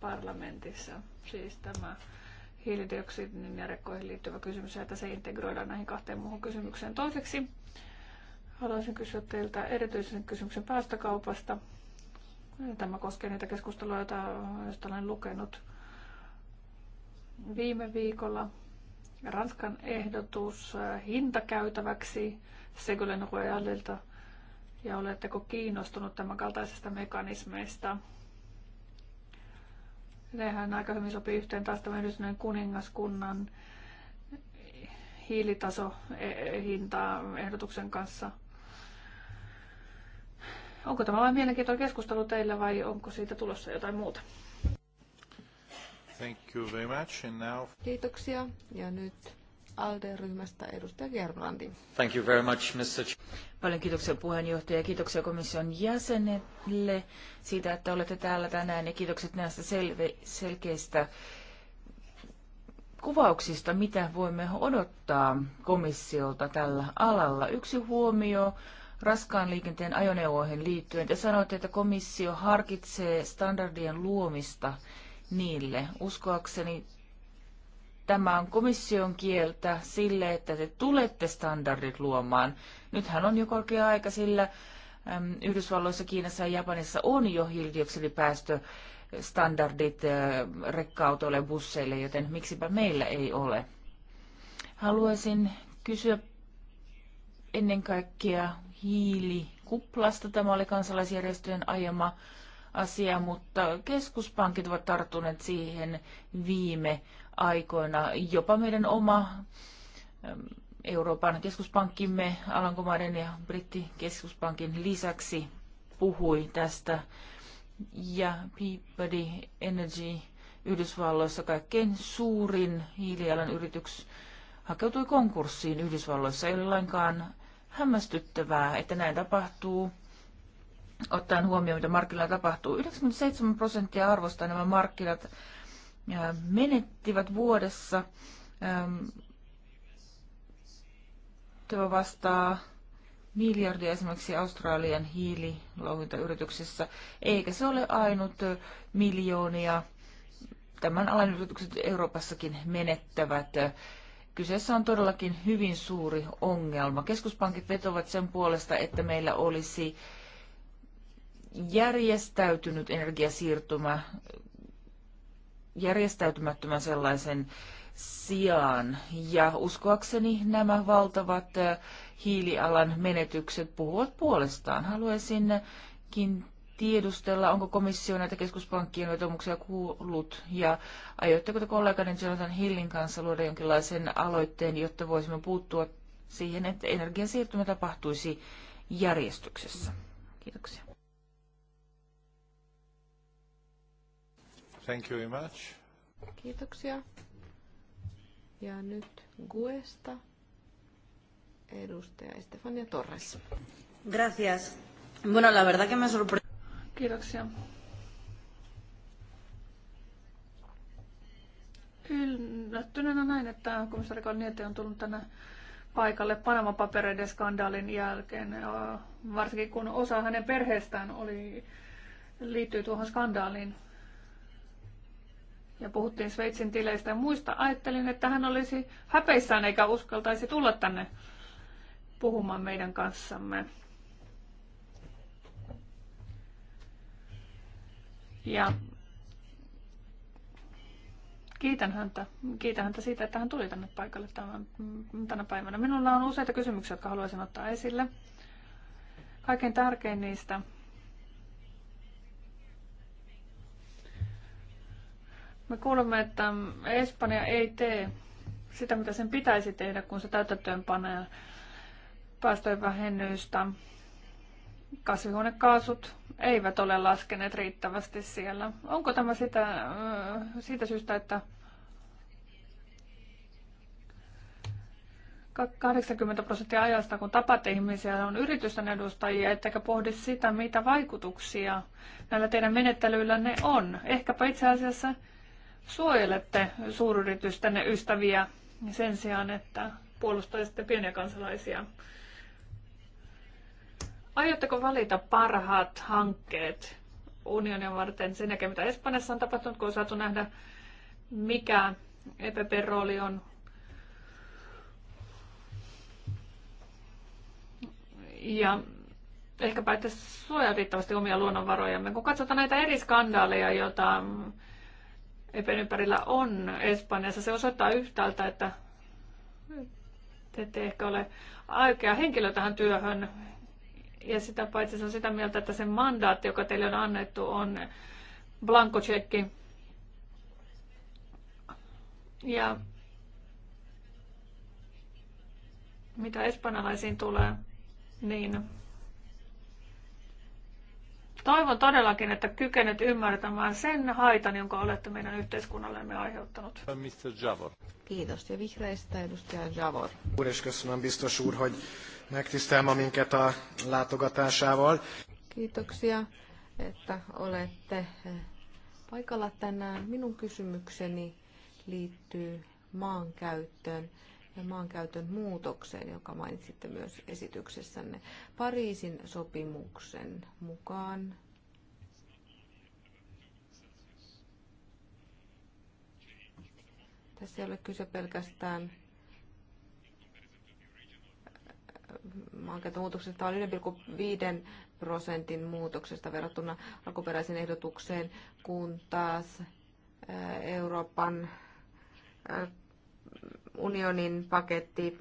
parlamentissa, siis tämä hiilidioksidin ja rekkoihin liittyvä kysymys, että se integroidaan näihin kahteen muuhun kysymykseen. Toiseksi Haluaisin kysyä teiltä erityisen kysymyksen päästökaupasta. Tämä koskee niitä keskusteluja, joista olen lukenut viime viikolla. Ranskan ehdotus äh, hintakäytäväksi Segulen Royalilta. Ja oletteko kiinnostunut tämän kaltaisesta mekanismeista? Nehän aika hyvin sopii yhteen taas tämän Yhdysvallan kuningaskunnan hiilitasohintaa e, e, ehdotuksen kanssa – Onko tämä vain mielenkiintoinen keskustelu teillä vai onko siitä tulossa jotain muuta? Thank you very much. And now... Kiitoksia. Ja nyt ALDE-ryhmästä edustaja Gerbrandi. Thank you very much, Mr. Paljon kiitoksia puheenjohtaja ja kiitoksia komission jäsenelle siitä, että olette täällä tänään ja kiitokset näistä selve- selkeistä kuvauksista, mitä voimme odottaa komissiolta tällä alalla. Yksi huomio raskaan liikenteen ajoneuvoihin liittyen. Te sanoitte, että komissio harkitsee standardien luomista niille. Uskoakseni tämä on komission kieltä sille, että te tulette standardit luomaan. Nythän on jo korkea aika, sillä Yhdysvalloissa, Kiinassa ja Japanissa on jo hiilidioksidipäästö standardit äh, rekka-autoille ja busseille, joten miksipä meillä ei ole. Haluaisin kysyä ennen kaikkea hiilikuplasta. Tämä oli kansalaisjärjestöjen aiema asia, mutta keskuspankit ovat tarttuneet siihen viime aikoina. Jopa meidän oma Euroopan keskuspankkimme Alankomaiden ja Brittikeskuspankin lisäksi puhui tästä. Ja Peabody Energy Yhdysvalloissa kaikkein suurin hiilijalan yritys hakeutui konkurssiin Yhdysvalloissa. Ei ole lainkaan hämmästyttävää, että näin tapahtuu, ottaen huomioon, mitä markkinoilla tapahtuu. 97 prosenttia arvostaa nämä markkinat menettivät vuodessa. Tämä vastaa miljardia esimerkiksi Australian hiililouhintayrityksissä, eikä se ole ainut miljoonia. Tämän alan yritykset Euroopassakin menettävät. Kyseessä on todellakin hyvin suuri ongelma. Keskuspankit vetovat sen puolesta, että meillä olisi järjestäytynyt energiasiirtymä järjestäytymättömän sellaisen sijaan. Ja uskoakseni nämä valtavat eh, hiilialan menetykset puhuvat puolestaan. Haluaisin tiedustella, onko komissio näitä keskuspankkien vetomuksia kuullut ja aiotteko te kollegani Jonathan Hillin kanssa luoda jonkinlaisen aloitteen, jotta voisimme puuttua siihen, että energiasiirtymä tapahtuisi järjestyksessä. Kiitoksia. Thank you very much. Kiitoksia. Ja nyt Guesta, edustaja Estefania Torres. Gracias. Bueno, la verdad que me sorpre... Kiitoksia. Yllättyneenä näin, että komissaari Kalniete on tullut tänne paikalle Panama-papereiden skandaalin jälkeen, varsinkin kun osa hänen perheestään oli, liittyy tuohon skandaaliin. Ja puhuttiin Sveitsin tileistä ja muista. Ajattelin, että hän olisi häpeissään eikä uskaltaisi tulla tänne puhumaan meidän kanssamme. Ja kiitän häntä, kiitän häntä siitä, että hän tuli tänne paikalle tämän, tänä päivänä. Minulla on useita kysymyksiä, jotka haluaisin ottaa esille. Kaikkein tärkein niistä Me kuulemme, että Espanja ei tee sitä, mitä sen pitäisi tehdä, kun se täytäntöön panee päästöjen vähennystä, kasvihuonekaasut, eivät ole laskeneet riittävästi siellä. Onko tämä sitä, siitä syystä, että 80 prosenttia ajasta, kun tapat ihmisiä, on yritysten edustajia, ettekä pohdi sitä, mitä vaikutuksia näillä teidän ne on. Ehkäpä itse asiassa suojelette suuryritystenne ystäviä sen sijaan, että puolustaisitte pieniä kansalaisia. Aiotteko valita parhaat hankkeet unionin varten sen jälkeen, mitä Espanjassa on tapahtunut, kun on saatu nähdä, mikä EPP-rooli on ja ehkäpä, päätä suojaa riittävästi omia luonnonvarojamme. Kun katsotaan näitä eri skandaaleja, joita EPn ympärillä on Espanjassa, se osoittaa yhtäältä, että te ette ehkä ole oikea henkilö tähän työhön ja sitä paitsi se on sitä mieltä, että se mandaatti, joka teille on annettu, on blankotsekki. Ja mitä espanjalaisiin tulee, niin toivon todellakin, että kykenet ymmärtämään sen haitan, jonka olette meidän yhteiskunnallemme aiheuttanut. Mr. Javor. Kiitos. Ja vihreistä edustaja Javor. Uudeskas, bistos megtisztel minket a látogatásával. Kiitoksia, että olette eh, paikalla tänään. Minun kysymykseni liittyy maankäyttöön ja maankäytön muutokseen, joka mainitsitte myös esityksessänne. Pariisin sopimuksen mukaan tässä ei ole kyse pelkästään maankäyttömuutoksesta on 1,5 prosentin muutoksesta verrattuna alkuperäiseen ehdotukseen, kun taas Euroopan unionin paketti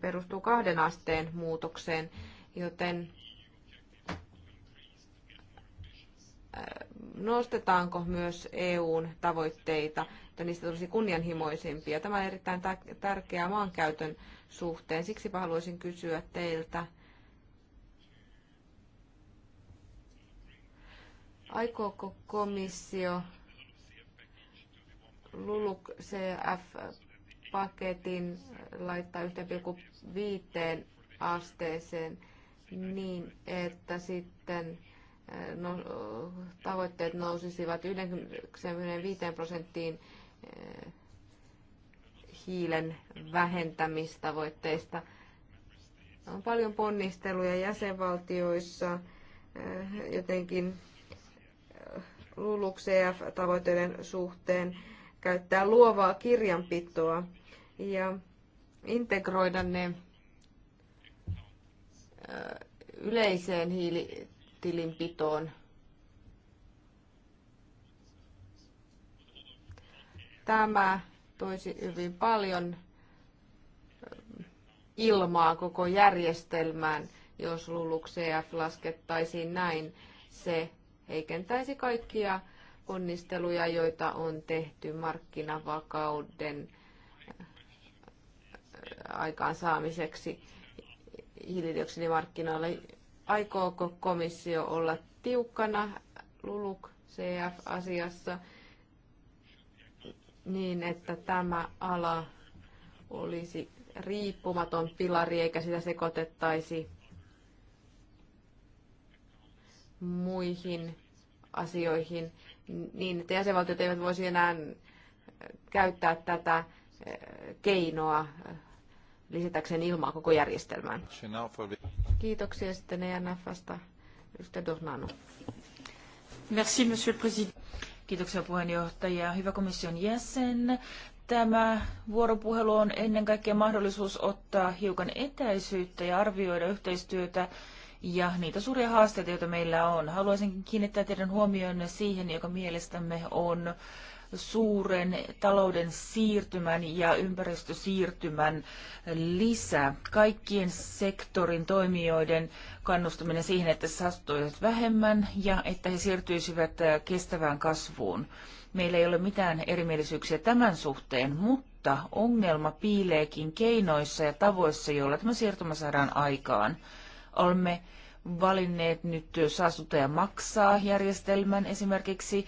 perustuu kahden asteen muutokseen, joten nostetaanko myös EUn tavoitteita, että niistä tulisi kunnianhimoisimpia. Tämä on erittäin tärkeää maankäytön suhteen. Siksi haluaisin kysyä teiltä, aikooko komissio LULUCF-paketin laittaa 1,5 asteeseen niin, että sitten eh, no, tavoitteet nousisivat 95 prosenttiin eh, hiilen vähentämistavoitteista. On paljon ponnisteluja jäsenvaltioissa eh, jotenkin eh, LULUCF-tavoitteiden e suhteen käyttää luovaa kirjanpitoa ja integroida ne eh, yleiseen hiilitilinpitoon. Tämä toisi hyvin paljon ähm, ilmaa koko järjestelmään, jos CF laskettaisiin näin. Se heikentäisi kaikkia ponnisteluja, joita on tehty markkinavakauden äh, aikaansaamiseksi hiilidioksidimarkkinoille. Aikooko komissio olla tiukkana Lulux CF-asiassa niin, että tämä ala olisi riippumaton pilari eikä sitä sekoitettaisi muihin asioihin niin, että jäsenvaltiot eivät voisi enää käyttää tätä eh, keinoa eh, lisätäkseen ilmaa koko järjestelmään. Kiitoksia sitten ENFstä. Edustaja Dornano. Merci, monsieur le président. Kiitoksia puheenjohtaja. Hyvä komission jäsen. Tämä vuoropuhelu on ennen kaikkea mahdollisuus ottaa hiukan etäisyyttä ja arvioida yhteistyötä ja niitä suuria haasteita, joita meillä on. Haluaisin kiinnittää teidän huomioonne siihen, joka mielestämme on suuren talouden siirtymän ja ympäristösiirtymän lisä. Kaikkien sektorin toimijoiden kannustaminen siihen, että saastuisivat vähemmän ja että he siirtyisivät äh, kestävään kasvuun. Meillä ei ole mitään erimielisyyksiä tämän suhteen, mutta ongelma piileekin keinoissa ja tavoissa, joilla tämä siirtymä saadaan aikaan. Olemme valinneet nyt saastuttaja maksaa järjestelmän esimerkiksi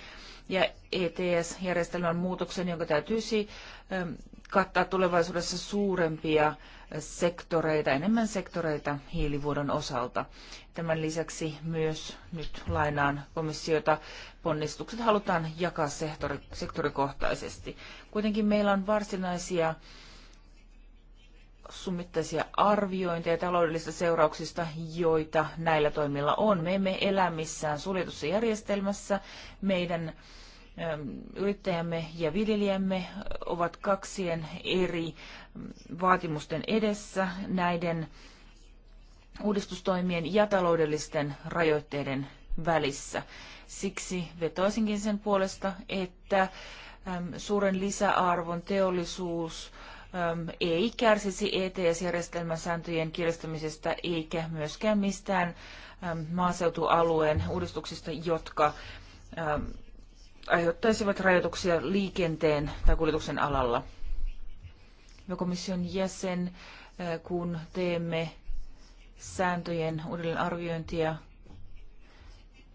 ja ETS-järjestelmän muutoksen, jonka täytyisi ähm, kattaa tulevaisuudessa suurempia äh, sektoreita, enemmän sektoreita hiilivuodon osalta. Tämän lisäksi myös nyt lainaan komissiota ponnistukset halutaan jakaa sektori, sektorikohtaisesti. Kuitenkin meillä on varsinaisia summittaisia arviointeja taloudellisista seurauksista, joita näillä toimilla on. Me emme elä missään suljetussa järjestelmässä. Meidän ähm, yrittäjämme ja viljelijämme ovat kaksien eri ähm, vaatimusten edessä näiden uudistustoimien ja taloudellisten rajoitteiden välissä. Siksi vetoisinkin sen puolesta, että ähm, suuren lisäarvon teollisuus – ei kärsisi ETS-järjestelmän sääntöjen kiristämisestä eikä myöskään mistään maaseutualueen uudistuksista, jotka aiheuttaisivat rajoituksia liikenteen tai kuljetuksen alalla. Ja komission jäsen, kun teemme sääntöjen uudelleenarviointia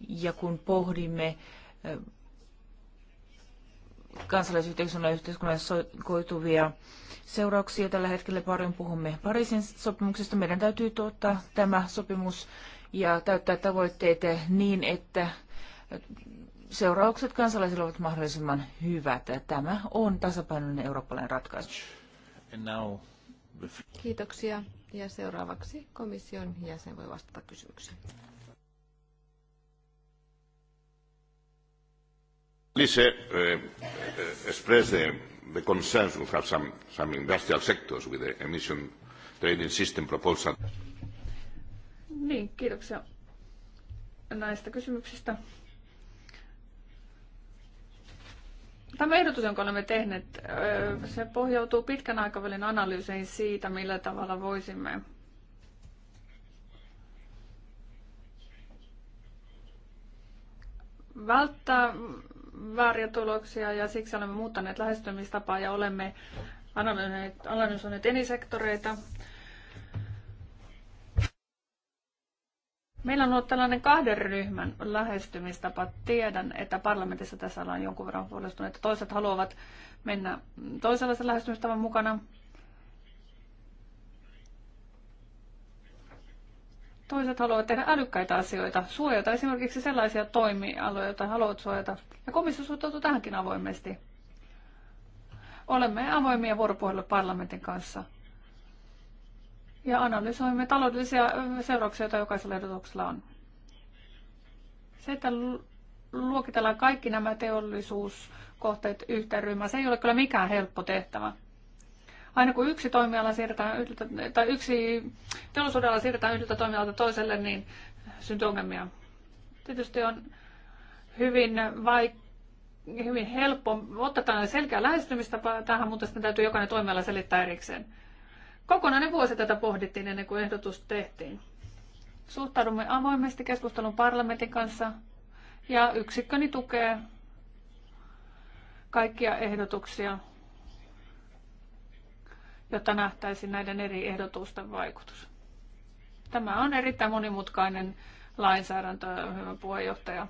ja kun pohdimme kansalaisyhteiskunnan yhteiskunnan koituvia seurauksia. Tällä hetkellä paljon puhumme Pariisin sopimuksesta. Meidän täytyy tuottaa tämä sopimus ja täyttää tavoitteita niin, että seuraukset kansalaisilla ovat mahdollisimman hyvät. Tämä on tasapainoinen eurooppalainen ratkaisu. Kiitoksia. Ja seuraavaksi komission jäsen voi vastata kysymykseen. Please uh, eh, uh, the, the concerns we have some, some industrial sectors with the emission trading system proposal. Niin, kiitoksia näistä kysymyksistä. Tämä ehdotus, jonka olemme tehneet, eh, se pohjautuu pitkän aikavälin analyysiin siitä, millä tavalla voisimme välttää vääriä tuloksia ja siksi olemme muuttaneet lähestymistapaa ja olemme analysoineet, analysoineet eri sektoreita. Meillä on ollut tällainen kahden ryhmän lähestymistapa. Tiedän, että parlamentissa tässä ollaan jonkun verran huolestuneita. Toiset haluavat mennä toisenlaisen lähestymistavan mukana. Toiset haluavat tehdä älykkäitä asioita, suojata esimerkiksi sellaisia toimialoja, joita haluat suojata. Ja komissio suhtautuu tähänkin avoimesti. Olemme avoimia vuoropuhelulle parlamentin kanssa. Ja analysoimme taloudellisia seurauksia, joita jokaisella ehdotuksella on. Se, että luokitellaan kaikki nämä teollisuuskohteet yhtä ryhmään, se ei ole kyllä mikään helppo tehtävä. Aina kun yksi toimiala siirretään yhdeltä, tai yksi teollisuudella siirretään yhdeltä toimialalta toiselle, niin syntyy ongelmia. Tietysti on hyvin vaikea hyvin helppo ottaa tällainen selkeä lähestymistapa tähän, mutta sitten täytyy jokainen toimiala selittää erikseen. Kokonainen vuosi tätä pohdittiin ennen kuin ehdotus tehtiin. Suhtaudumme avoimesti keskustelun parlamentin kanssa ja yksikköni tukee kaikkia ehdotuksia jotta nähtäisiin näiden eri ehdotusten vaikutus. Tämä on erittäin monimutkainen lainsäädäntö, hyvä puheenjohtaja.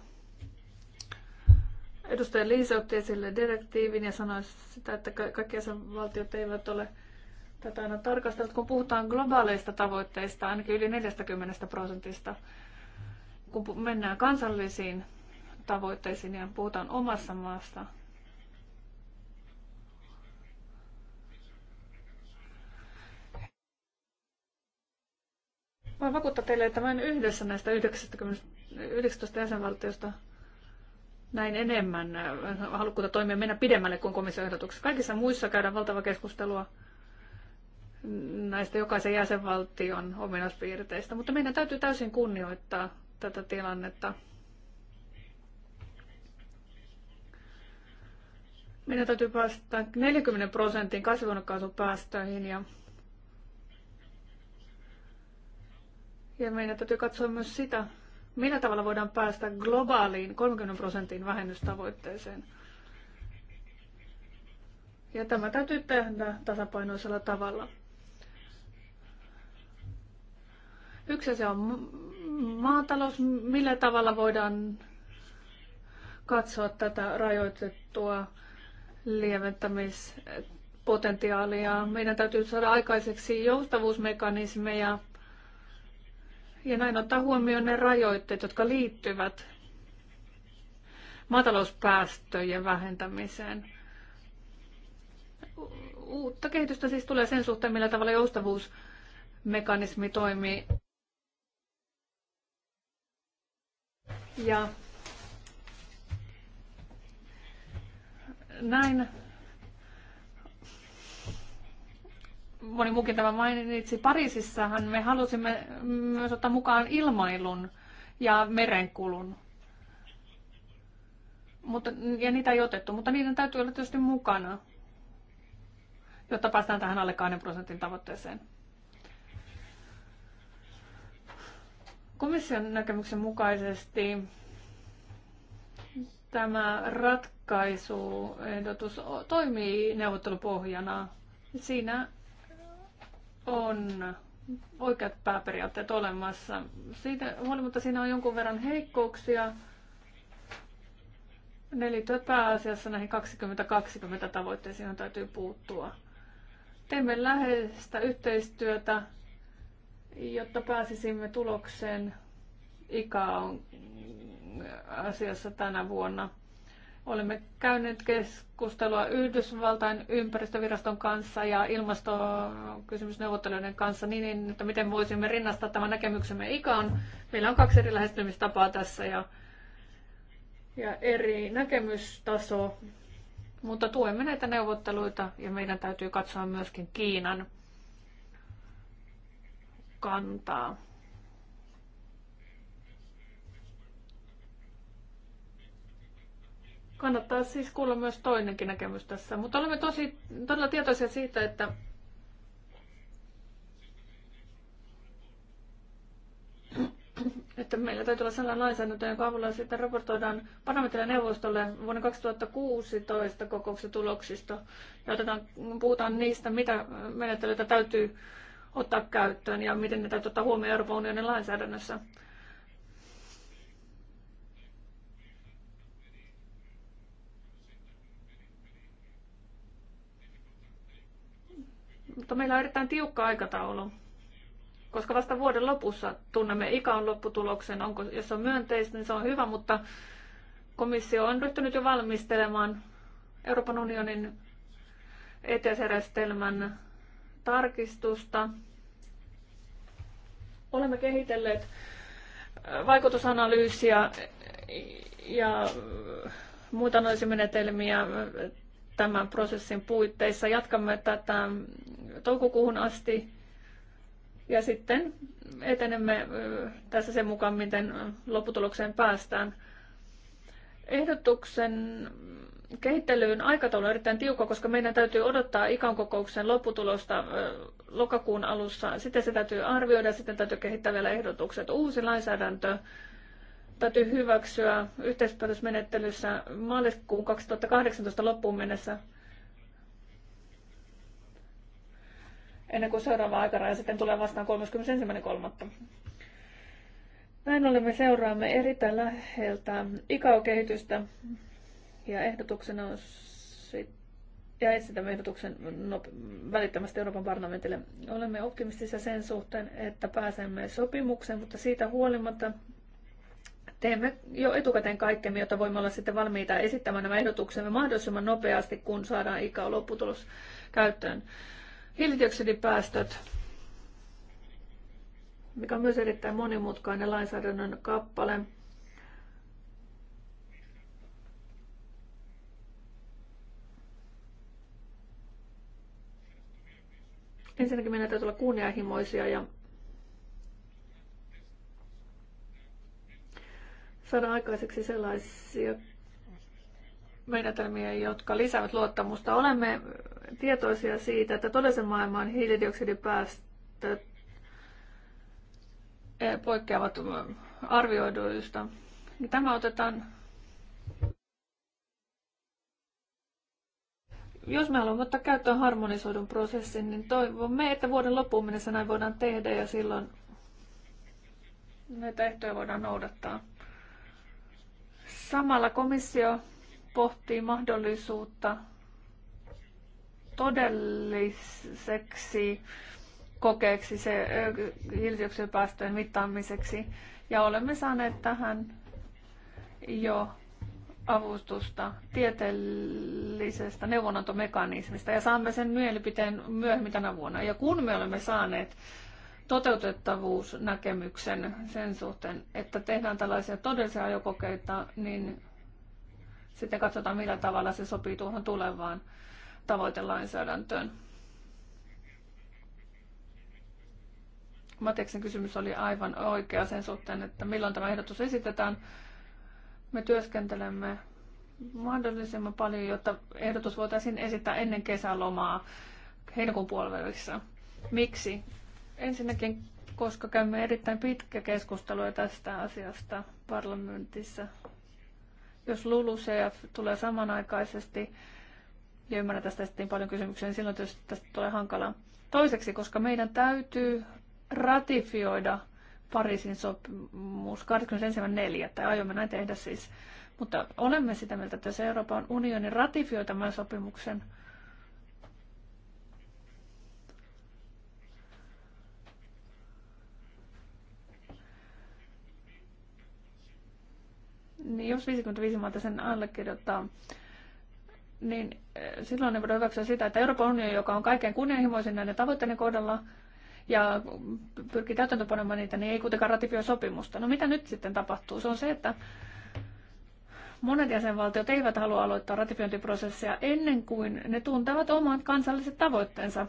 Edustaja Liise otti esille direktiivin ja sanoi sitä, että kaikki valtiot eivät ole tätä aina tarkastellut. Kun puhutaan globaaleista tavoitteista, ainakin yli 40 prosentista, kun mennään kansallisiin tavoitteisiin ja puhutaan omassa maassa. Voin vakuuttaa teille, että vain yhdessä näistä 90, 19 jäsenvaltiosta näin enemmän äh, halukkuutta toimia mennä pidemmälle kuin komission ehdotuksessa. Kaikissa muissa käydään valtava keskustelua näistä jokaisen jäsenvaltion ominaispiirteistä, mutta meidän täytyy täysin kunnioittaa tätä tilannetta. Meidän täytyy päästä 40 prosentin kasvihuonekaasupäästöihin ja Ja meidän täytyy katsoa myös sitä, millä tavalla voidaan päästä globaaliin 30 prosentin vähennystavoitteeseen. Ja tämä täytyy tehdä tasapainoisella tavalla. Yksi asia on maatalous, millä tavalla voidaan katsoa tätä rajoitettua lieventämispotentiaalia. Meidän täytyy saada aikaiseksi joustavuusmekanismeja ja näin ottaa huomioon ne rajoitteet, jotka liittyvät maatalouspäästöjen vähentämiseen. Uutta kehitystä siis tulee sen suhteen, millä tavalla joustavuusmekanismi toimii. Ja näin moni muukin tämä mainitsi, Pariisissahan me halusimme myös ottaa mukaan ilmailun ja merenkulun. Mutta, ja niitä ei otettu, mutta niiden täytyy olla tietysti mukana, jotta päästään tähän alle 2 prosentin tavoitteeseen. Komission näkemyksen mukaisesti tämä ratkaisuehdotus toimii neuvottelupohjana. Siinä on oikeat pääperiaatteet olemassa. Siitä huolimatta siinä on jonkun verran heikkouksia. Ne liittyvät pääasiassa näihin 2020 tavoitteisiin, joihin täytyy puuttua. Teemme läheistä yhteistyötä, jotta pääsisimme tulokseen ICAO asiassa tänä vuonna – Olemme käyneet keskustelua Yhdysvaltain ympäristöviraston kanssa ja ilmastokysymysneuvottelijoiden kanssa niin, niin, että miten voisimme rinnastaa tämän näkemyksemme ikaan. Meillä on kaksi eri lähestymistapaa tässä ja, ja eri näkemystaso, mutta tuemme näitä neuvotteluita ja meidän täytyy katsoa myöskin Kiinan kantaa. Kannattaa siis kuulla myös toinenkin näkemys tässä, mutta olemme tosi, todella tietoisia siitä, että että meillä täytyy olla sellainen lainsäädäntö, jonka avulla sitten raportoidaan parlamentille neuvostolle vuonna 2016 kokouksen tuloksista ja otetaan, puhutaan niistä, mitä menettelyitä täytyy ottaa käyttöön ja miten ne täytyy ottaa huomioon Euroopan unionin lainsäädännössä. Mutta meillä on erittäin tiukka aikataulu, koska vasta vuoden lopussa tunnemme ikan lopputuloksen. Onko, jos on myönteistä, niin se on hyvä, mutta komissio on ryhtynyt jo valmistelemaan Euroopan unionin ETS-järjestelmän tarkistusta. Olemme kehitelleet äh, vaikutusanalyysiä ja muita menetelmiä äh, tämän prosessin puitteissa. Jatkamme tätä toukokuuhun asti. Ja sitten etenemme tässä sen mukaan, miten lopputulokseen päästään. Ehdotuksen kehittelyyn aikataulu on erittäin tiukka, koska meidän täytyy odottaa ikan kokouksen lopputulosta lokakuun alussa. Sitten se täytyy arvioida, sitten täytyy kehittää vielä ehdotukset. Uusi lainsäädäntö täytyy hyväksyä yhteispäätösmenettelyssä maaliskuun 2018 loppuun mennessä ennen kuin seuraava aikaraja sitten tulee vastaan 31.3. Näin ollen me seuraamme erittäin läheltä ICAO-kehitystä ja ehdotuksena on sitten ja esitämme ehdotuksen välittömästi Euroopan parlamentille. Olemme optimistisia sen suhteen, että pääsemme sopimukseen, mutta siitä huolimatta teemme jo etukäteen kaikkemme, jotta voimme olla sitten valmiita esittämään nämä ehdotuksemme mahdollisimman nopeasti, kun saadaan ikä lopputulos käyttöön. Hiilidioksidipäästöt, mikä on myös erittäin monimutkainen lainsäädännön kappale. Ensinnäkin meidän täytyy olla kunnianhimoisia ja saada aikaiseksi sellaisia menetelmiä, jotka lisäävät luottamusta. Olemme tietoisia siitä, että todellisen maailman hiilidioksidipäästöt eh, poikkeavat arvioiduista. Tämä otetaan jos me haluamme ottaa käyttöön harmonisoidun prosessin, niin toivomme, että vuoden loppuun mennessä näin voidaan tehdä ja silloin näitä ehtoja voidaan noudattaa. Samalla komissio pohtii mahdollisuutta todelliseksi kokeeksi se hiilidioksidipäästöjen mittaamiseksi. Ja olemme saaneet tähän jo avustusta tieteellisestä neuvonantomekanismista ja saamme sen mielipiteen myöhemmin tänä vuonna. Ja kun me olemme saaneet toteutettavuusnäkemyksen sen suhteen, että tehdään tällaisia todellisia ajokokeita, niin sitten katsotaan millä tavalla se sopii tuohon tulevaan tavoitelainsäädäntöön. Mateksen kysymys oli aivan oikea sen suhteen, että milloin tämä ehdotus esitetään. Me työskentelemme mahdollisimman paljon, jotta ehdotus voitaisiin esittää ennen kesälomaa heinäkuun puolivälissä. Miksi? Ensinnäkin, koska käymme erittäin pitkä keskustelua tästä asiasta parlamentissa. Jos LULUCF tulee samanaikaisesti ja ymmärrän, tästä esitettiin paljon kysymyksiä, niin silloin tietysti tästä tulee hankalaa. Toiseksi, koska meidän täytyy ratifioida Pariisin sopimus 21.4. Aiomme näin tehdä siis. Mutta olemme sitä mieltä, että jos Euroopan unioni ratifioi tämän sopimuksen, niin jos 55 maata sen allekirjoittaa, niin eh, silloin ne voidaan hyväksyä sitä, että Euroopan unioni, joka on kaikkein kunnianhimoisin näiden tavoitteiden kohdalla ja pyrkii täytäntöpanemaan niitä, niin ei kuitenkaan ratifioi sopimusta. No mitä nyt sitten tapahtuu? Se on se, että monet jäsenvaltiot eivät halua aloittaa ratifiointiprosessia ennen kuin ne tuntevat omat kansalliset tavoitteensa,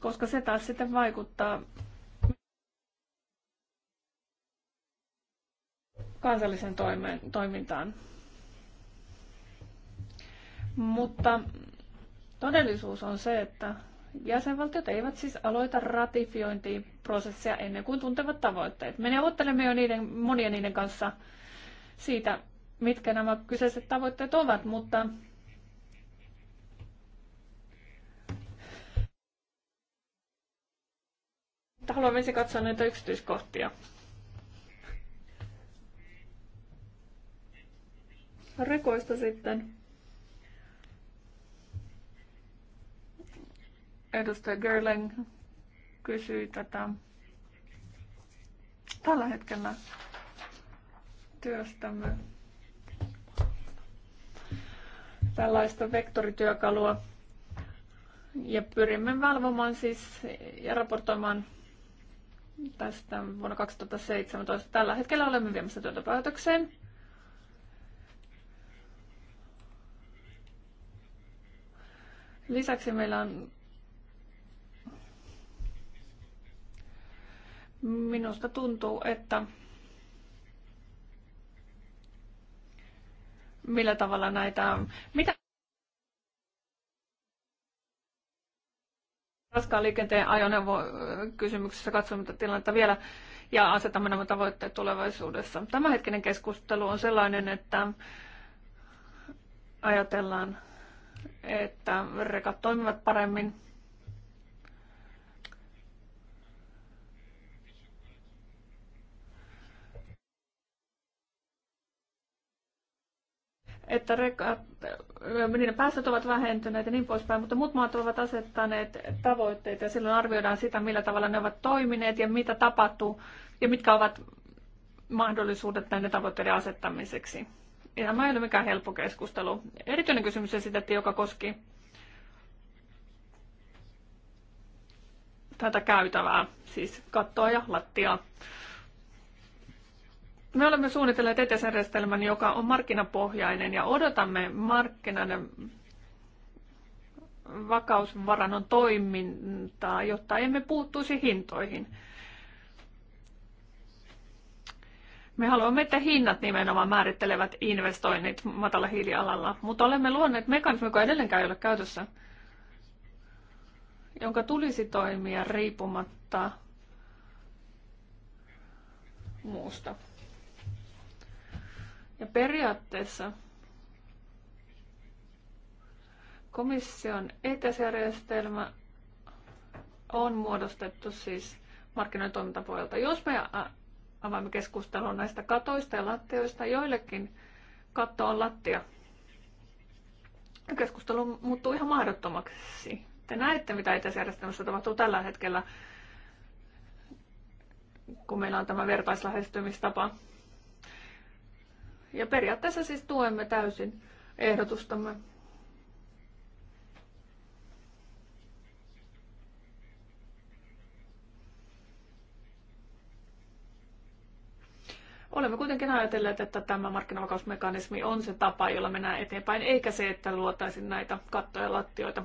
koska se taas sitten vaikuttaa kansalliseen toimintaan. Mutta todellisuus on se, että jäsenvaltiot eivät siis aloita ratifiointiprosessia ennen kuin tuntevat tavoitteet. Me neuvottelemme jo niiden, monia niiden kanssa siitä, mitkä nämä kyseiset tavoitteet ovat, mutta haluan ensin katsoa näitä yksityiskohtia. Rekoista sitten. Edustaja Gerling kysyi tätä tällä hetkellä työstämme tällaista vektorityökalua ja pyrimme valvomaan siis ja raportoimaan tästä vuonna 2017. Tällä hetkellä olemme viemässä työtä päätökseen. Lisäksi meillä on Minusta tuntuu, että millä tavalla näitä... Mitä raskaan liikenteen ajoneuvo katsomme katsomatta tilannetta vielä ja asetamme nämä tavoitteet tulevaisuudessa. Tämänhetkinen keskustelu on sellainen, että ajatellaan, että rekat toimivat paremmin että rekat, niiden päästöt ovat vähentyneet ja niin poispäin, mutta muut maat ovat asettaneet tavoitteita ja silloin arvioidaan sitä, millä tavalla ne ovat toimineet ja mitä tapahtuu ja mitkä ovat mahdollisuudet näiden tavoitteiden asettamiseksi. Ja tämä ei ole mikään helppo keskustelu. Erityinen kysymys esitettiin, joka koski tätä käytävää, siis kattoa ja lattiaa. Me olemme suunnitelleet ets joka on markkinapohjainen ja odotamme markkinan vakausvarannon toimintaa, jotta emme puuttuisi hintoihin. Me haluamme, että hinnat nimenomaan määrittelevät investoinnit matala hiilialalla, mutta olemme luonneet mekanismi, joka edelleenkään ei ole käytössä, jonka tulisi toimia riippumatta muusta. Ja periaatteessa komission etäsjärjestelmä on muodostettu siis markkinoiden toimintapuolelta. Jos me avaamme keskustelua näistä katoista ja lattioista, joillekin katto on lattia. Keskustelu muuttuu ihan mahdottomaksi. Te näette, mitä etäsjärjestelmässä tapahtuu tällä hetkellä, kun meillä on tämä vertaislähestymistapa. Ja periaatteessa siis tuemme täysin ehdotustamme. Olemme kuitenkin ajatelleet, että tämä markkinavakausmekanismi on se tapa, jolla mennään eteenpäin, eikä se, että luotaisin näitä kattoja ja lattioita.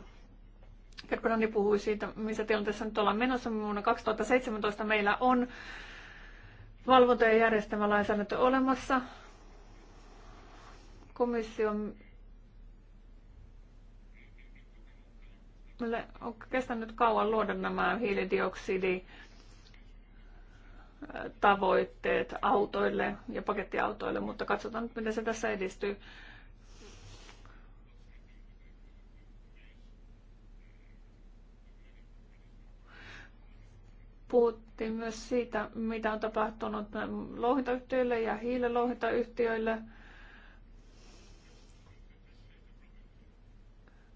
Kerkonani puhui siitä, missä tilanteessa nyt ollaan menossa. Vuonna 2017 meillä on valvonta- ja järjestelmälainsäädäntö olemassa komission Meille on kestänyt kauan luoda nämä hiilidioksidi tavoitteet autoille ja pakettiautoille, mutta katsotaan nyt, miten se tässä edistyy. Puhuttiin myös siitä, mitä on tapahtunut louhintayhtiöille ja hiilelouhintayhtiöille –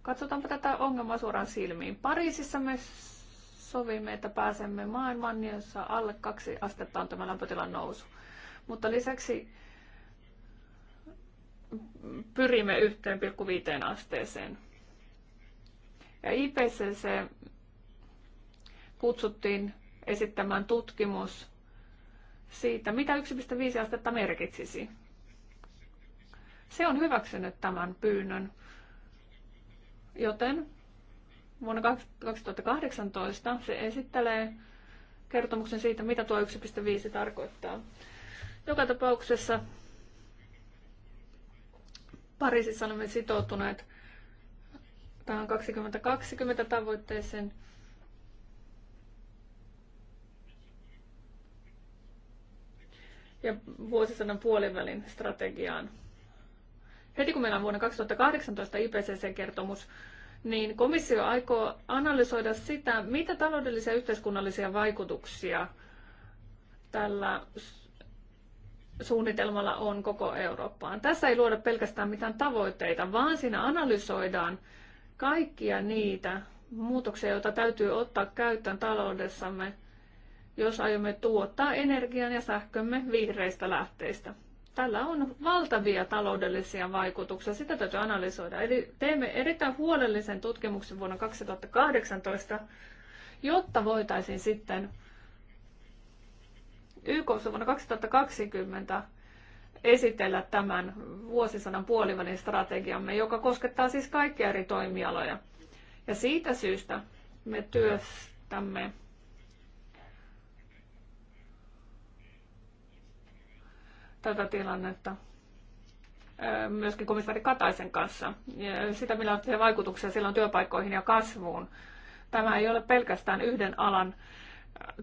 Katsotaanpa tätä ongelmaa suoraan silmiin. Pariisissa me sovimme, että pääsemme maailman, jossa alle kaksi astetta on tämä lämpötilan nousu. Mutta lisäksi pyrimme 1,5 asteeseen. Ja IPCC kutsuttiin esittämään tutkimus siitä, mitä 1,5 astetta merkitsisi. Se on hyväksynyt tämän pyynnön Joten vuonna 2018 se esittelee kertomuksen siitä, mitä tuo 1.5 tarkoittaa. Joka tapauksessa Pariisissa olemme sitoutuneet tähän 2020 tavoitteeseen. ja vuosisadan puolivälin strategiaan heti kun meillä on vuonna 2018 IPCC-kertomus, niin komissio aikoo analysoida sitä, mitä taloudellisia ja yhteiskunnallisia vaikutuksia tällä suunnitelmalla on koko Eurooppaan. Tässä ei luoda pelkästään mitään tavoitteita, vaan siinä analysoidaan kaikkia niitä muutoksia, joita täytyy ottaa käyttöön taloudessamme, jos aiomme tuottaa energian ja sähkömme vihreistä lähteistä. Tällä on valtavia taloudellisia vaikutuksia, sitä täytyy analysoida. Eli teemme erittäin huolellisen tutkimuksen vuonna 2018, jotta voitaisiin sitten YK vuonna 2020 esitellä tämän vuosisadan puolivälin strategiamme, joka koskettaa siis kaikkia eri toimialoja. Ja siitä syystä me työstämme tätä tilannetta myöskin komissaari Kataisen kanssa. Sitä, millä on vaikutuksia silloin työpaikkoihin ja kasvuun. Tämä ei ole pelkästään yhden alan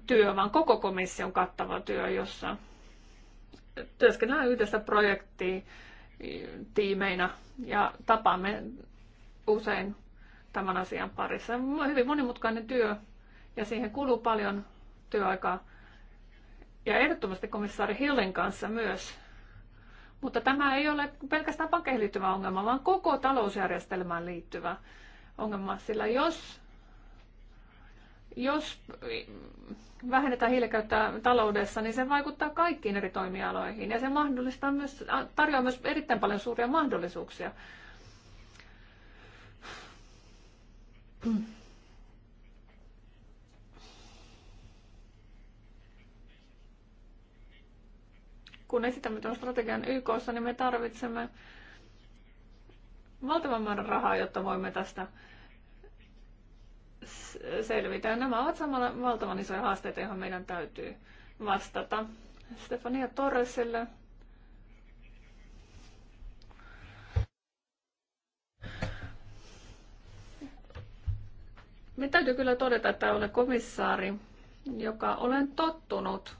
työ, vaan koko komission kattava työ, jossa työskennellään yhdessä projektitiimeinä ja tapaamme usein tämän asian parissa. Hyvin monimutkainen työ ja siihen kuluu paljon työaikaa ja ehdottomasti komissaari Hillen kanssa myös. Mutta tämä ei ole pelkästään pankkeihin liittyvä ongelma, vaan koko talousjärjestelmään liittyvä ongelma, sillä jos jos vähennetään hiilikäyttöä taloudessa, niin se vaikuttaa kaikkiin eri toimialoihin ja se mahdollistaa myös, tarjoaa myös erittäin paljon suuria mahdollisuuksia. kun esitämme tuon strategian YKssa, niin me tarvitsemme valtavan määrän rahaa, jotta voimme tästä selvitä. Nämä ovat samalla valtavan isoja haasteita, joihin meidän täytyy vastata. Stefania Torresille. Me täytyy kyllä todeta, että olen komissaari, joka olen tottunut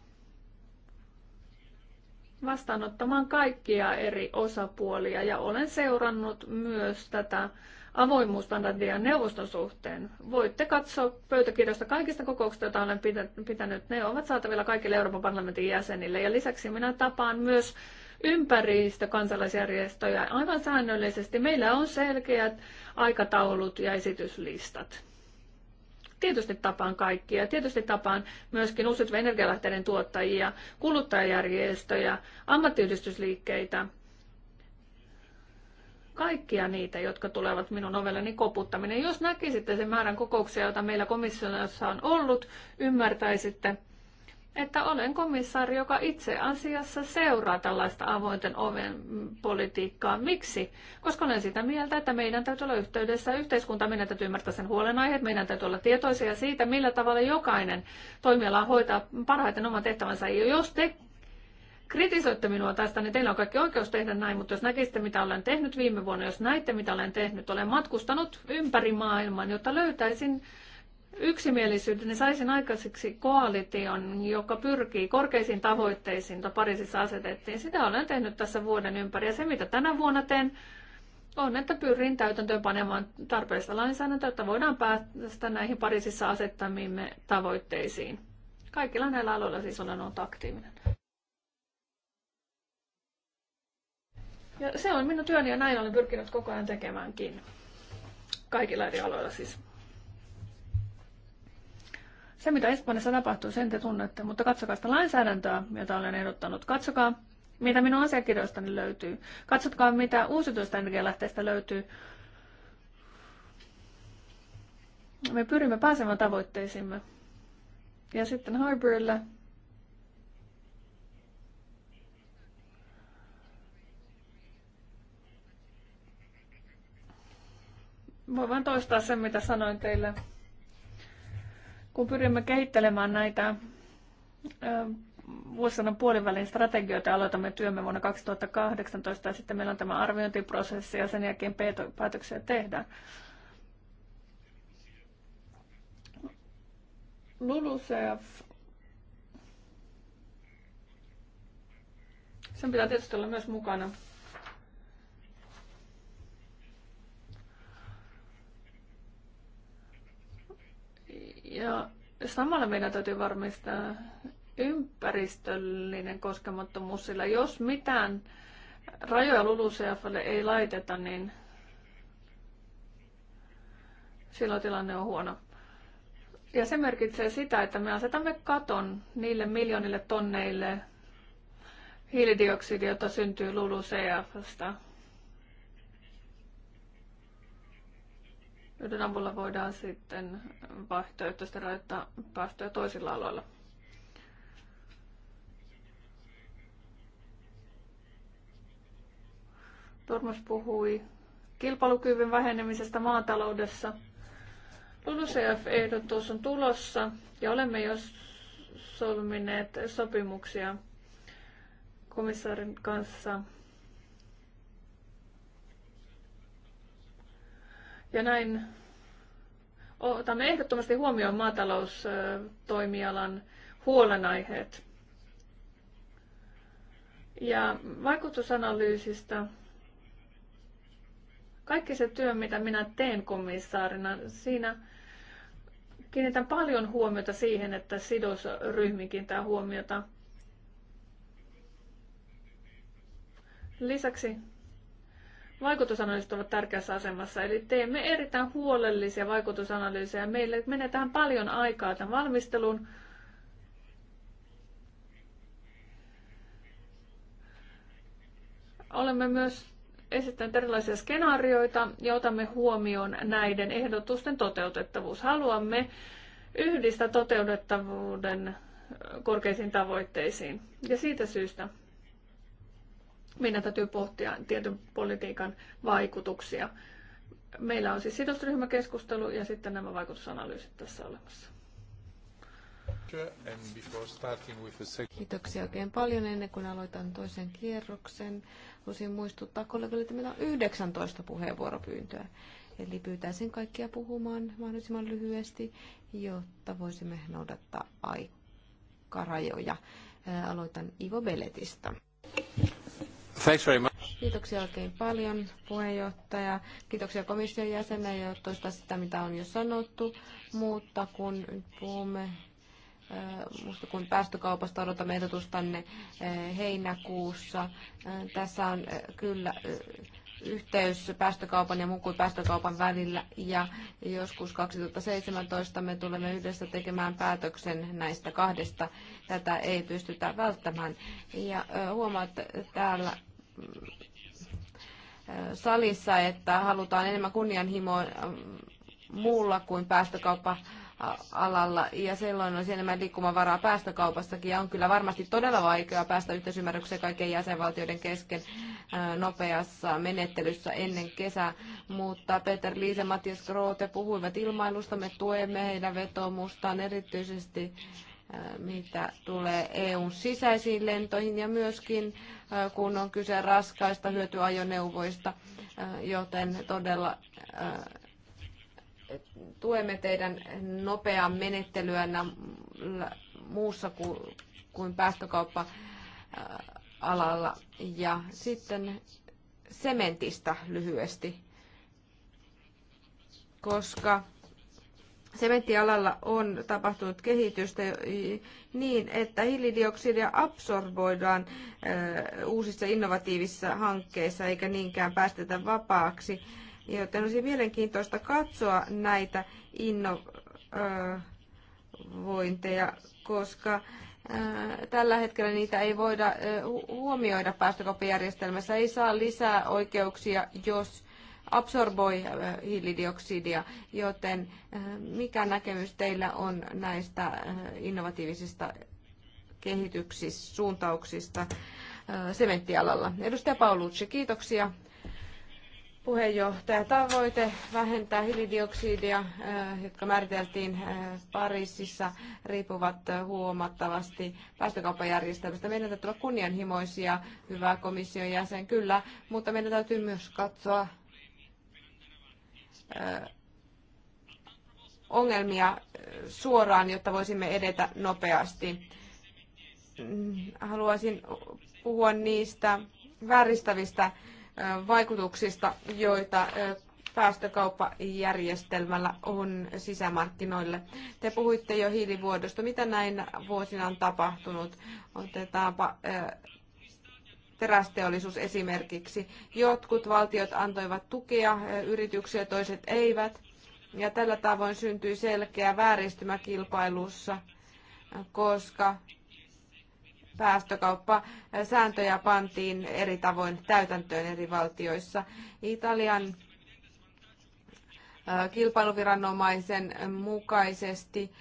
vastaanottamaan kaikkia eri osapuolia ja olen seurannut myös tätä avoimuusstandardia neuvoston suhteen. Voitte katsoa pöytäkirjasta kaikista kokouksista, joita olen pitänyt. Ne ovat saatavilla kaikille Euroopan parlamentin jäsenille. Ja lisäksi minä tapaan myös ympäristökansalaisjärjestöjä aivan säännöllisesti. Meillä on selkeät aikataulut ja esityslistat. Tietysti tapaan kaikkia. Tietysti tapaan myöskin uusiutuvien energialähteiden tuottajia, kuluttajajärjestöjä, ammattiyhdistysliikkeitä, kaikkia niitä, jotka tulevat minun ovelleni koputtaminen. Jos näkisitte sen määrän kokouksia, joita meillä komissiossa on ollut, ymmärtäisitte, että olen komissaari, joka itse asiassa seuraa tällaista avointen oven politiikkaa. Miksi? Koska olen sitä mieltä, että meidän täytyy olla yhteydessä yhteiskunta, meidän täytyy ymmärtää sen huolenaiheet, meidän täytyy olla tietoisia siitä, millä tavalla jokainen toimiala hoitaa parhaiten oman tehtävänsä. Ja jos te kritisoitte minua tästä, niin teillä on kaikki oikeus tehdä näin, mutta jos näkisitte, mitä olen tehnyt viime vuonna, jos näitte, mitä olen tehnyt, olen matkustanut ympäri maailman, jotta löytäisin yksimielisyyden, niin saisin aikaiseksi koalition, joka pyrkii korkeisiin tavoitteisiin, joita Pariisissa asetettiin. Sitä olen tehnyt tässä vuoden ympäri. Ja se, mitä tänä vuonna teen, on, että pyrin täytäntöön panemaan tarpeellista lainsäädäntöä, että voidaan päästä näihin Pariisissa asettamiimme tavoitteisiin. Kaikilla näillä aloilla siis olen ollut aktiivinen. Ja se on minun työni ja näin olen pyrkinyt koko ajan tekemäänkin. Kaikilla eri aloilla siis. Se, mitä Espanjassa tapahtuu, sen te tunnette, mutta katsokaa sitä lainsäädäntöä, jota olen ehdottanut. Katsokaa, mitä minun asiakirjoistani löytyy. Katsokaa, mitä uusituista energialähteistä löytyy. Me pyrimme pääsemään tavoitteisiimme. Ja sitten Harborilla. voin vain toistaa sen, mitä sanoin teille kun pyrimme kehittelemään näitä vuosisadan puolivälin strategioita aloitamme työmme vuonna 2018 ja sitten meillä on tämä arviointiprosessi ja sen jälkeen päätöksiä tehdään. LULUCF. Sen pitää tietysti olla myös mukana Ja samalla meidän täytyy varmistaa ympäristöllinen koskemattomuus, sillä jos mitään rajoja LULUCFlle ei laiteta, niin silloin tilanne on huono. Ja se merkitsee sitä, että me asetamme katon niille miljoonille tonneille hiilidioksidia, jota syntyy LULUCFstä. joiden avulla voidaan sitten vaihtoehtoisesti rajoittaa päästöjä toisilla aloilla. Tormas puhui kilpailukyvyn vähenemisestä maataloudessa. LULUCF-ehdotus on tulossa ja olemme jo solmineet sopimuksia komissaarin kanssa Ja näin otamme ehdottomasti huomioon maataloustoimialan huolenaiheet. Ja vaikutusanalyysistä kaikki se työ, mitä minä teen komissaarina, siinä kiinnitän paljon huomiota siihen, että sidosryhmikin kiinnittää huomiota. Lisäksi Vaikutusanalyysit ovat tärkeässä asemassa, eli teemme erittäin huolellisia vaikutusanalyysejä. Meille menetään paljon aikaa tämän valmisteluun. Olemme myös esittäneet erilaisia skenaarioita ja otamme huomioon näiden ehdotusten toteutettavuus. Haluamme yhdistää toteutettavuuden korkeisiin tavoitteisiin. Ja siitä syystä meidän täytyy pohtia tietyn politiikan vaikutuksia. Meillä on siis sidosryhmäkeskustelu ja sitten nämä vaikutusanalyysit tässä olemassa. Kiitoksia oikein paljon. Ennen kuin aloitan toisen kierroksen, haluaisin muistuttaa kollegoille, että meillä on 19 puheenvuoropyyntöä. Eli pyytäisin kaikkia puhumaan mahdollisimman lyhyesti, jotta voisimme noudattaa aikarajoja. Aloitan Ivo Beletista. Thanks very much. Kiitoksia oikein paljon puheenjohtaja. Kiitoksia komission jäsenelle ja toista sitä, mitä on jo sanottu. Mutta kun puhumme äh, Musta kun päästökaupasta odotamme ehdotustanne äh, heinäkuussa. Äh, tässä on kyllä yhteys päästökaupan ja muun kuin päästökaupan välillä ja joskus 2017 me tulemme yhdessä tekemään päätöksen näistä kahdesta. Tätä ei pystytä välttämään. Ja huomaat täällä salissa, että halutaan enemmän kunnianhimoa äh, muulla kuin päästökauppa alalla ja silloin olisi enemmän liikkumavaraa päästökaupassakin ja on kyllä varmasti todella vaikeaa päästä yhteisymmärrykseen kaikkien jäsenvaltioiden kesken äh, nopeassa menettelyssä ennen kesää, mutta Peter Liise Matias Groote puhuivat ilmailusta, me tuemme heidän vetomustaan erityisesti Äh, mitä tulee EUn sisäisiin lentoihin ja myöskin äh, kun on kyse raskaista hyötyajoneuvoista, äh, joten todella tuemme teidän nopeaa menettelyä muussa kuin päästökauppa-alalla. Ja sitten sementistä lyhyesti, koska sementtialalla on tapahtunut kehitystä niin, että hiilidioksidia absorboidaan äh, uusissa innovatiivisissa hankkeissa eikä niinkään päästetä vapaaksi. Joten olisi mielenkiintoista katsoa näitä innovointeja, äh, koska äh, tällä hetkellä niitä ei voida huomioida päästökauppajärjestelmässä. Ei saa lisää oikeuksia, jos absorboi äh, hiilidioksidia, joten äh, mikä näkemys teillä on näistä äh, innovatiivisista kehityksistä, suuntauksista sementtialalla? Edustaja Paulucci, kiitoksia puheenjohtaja. Tavoite vähentää hiilidioksidia, jotka määriteltiin Pariisissa, riippuvat huomattavasti päästökauppajärjestelmästä. Meidän täytyy olla kunnianhimoisia, hyvä komission jäsen, kyllä, mutta meidän täytyy myös katsoa ongelmia suoraan, jotta voisimme edetä nopeasti. Haluaisin puhua niistä vääristävistä vaikutuksista, joita päästökauppajärjestelmällä on sisämarkkinoille. Te puhuitte jo hiilivuodosta. Mitä näin vuosina on tapahtunut? Otetaanpa terästeollisuus esimerkiksi. Jotkut valtiot antoivat tukea e, yrityksiä, toiset eivät. Ja tällä tavoin syntyi selkeä vääristymä kilpailussa, koska päästökauppa e, sääntöjä pantiin eri tavoin täytäntöön eri valtioissa. Italian e, kilpailuviranomaisen mukaisesti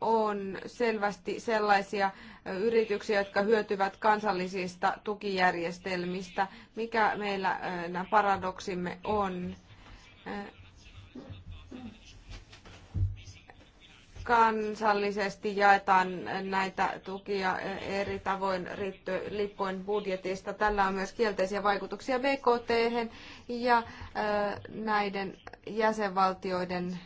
on selvästi sellaisia yrityksiä, jotka hyötyvät kansallisista tukijärjestelmistä. Mikä meillä nämä paradoksimme on? kansallisesti jaetaan näitä tukia eri tavoin riippuen budjetista. Tällä on myös kielteisiä vaikutuksia BKT ja näiden jäsenvaltioiden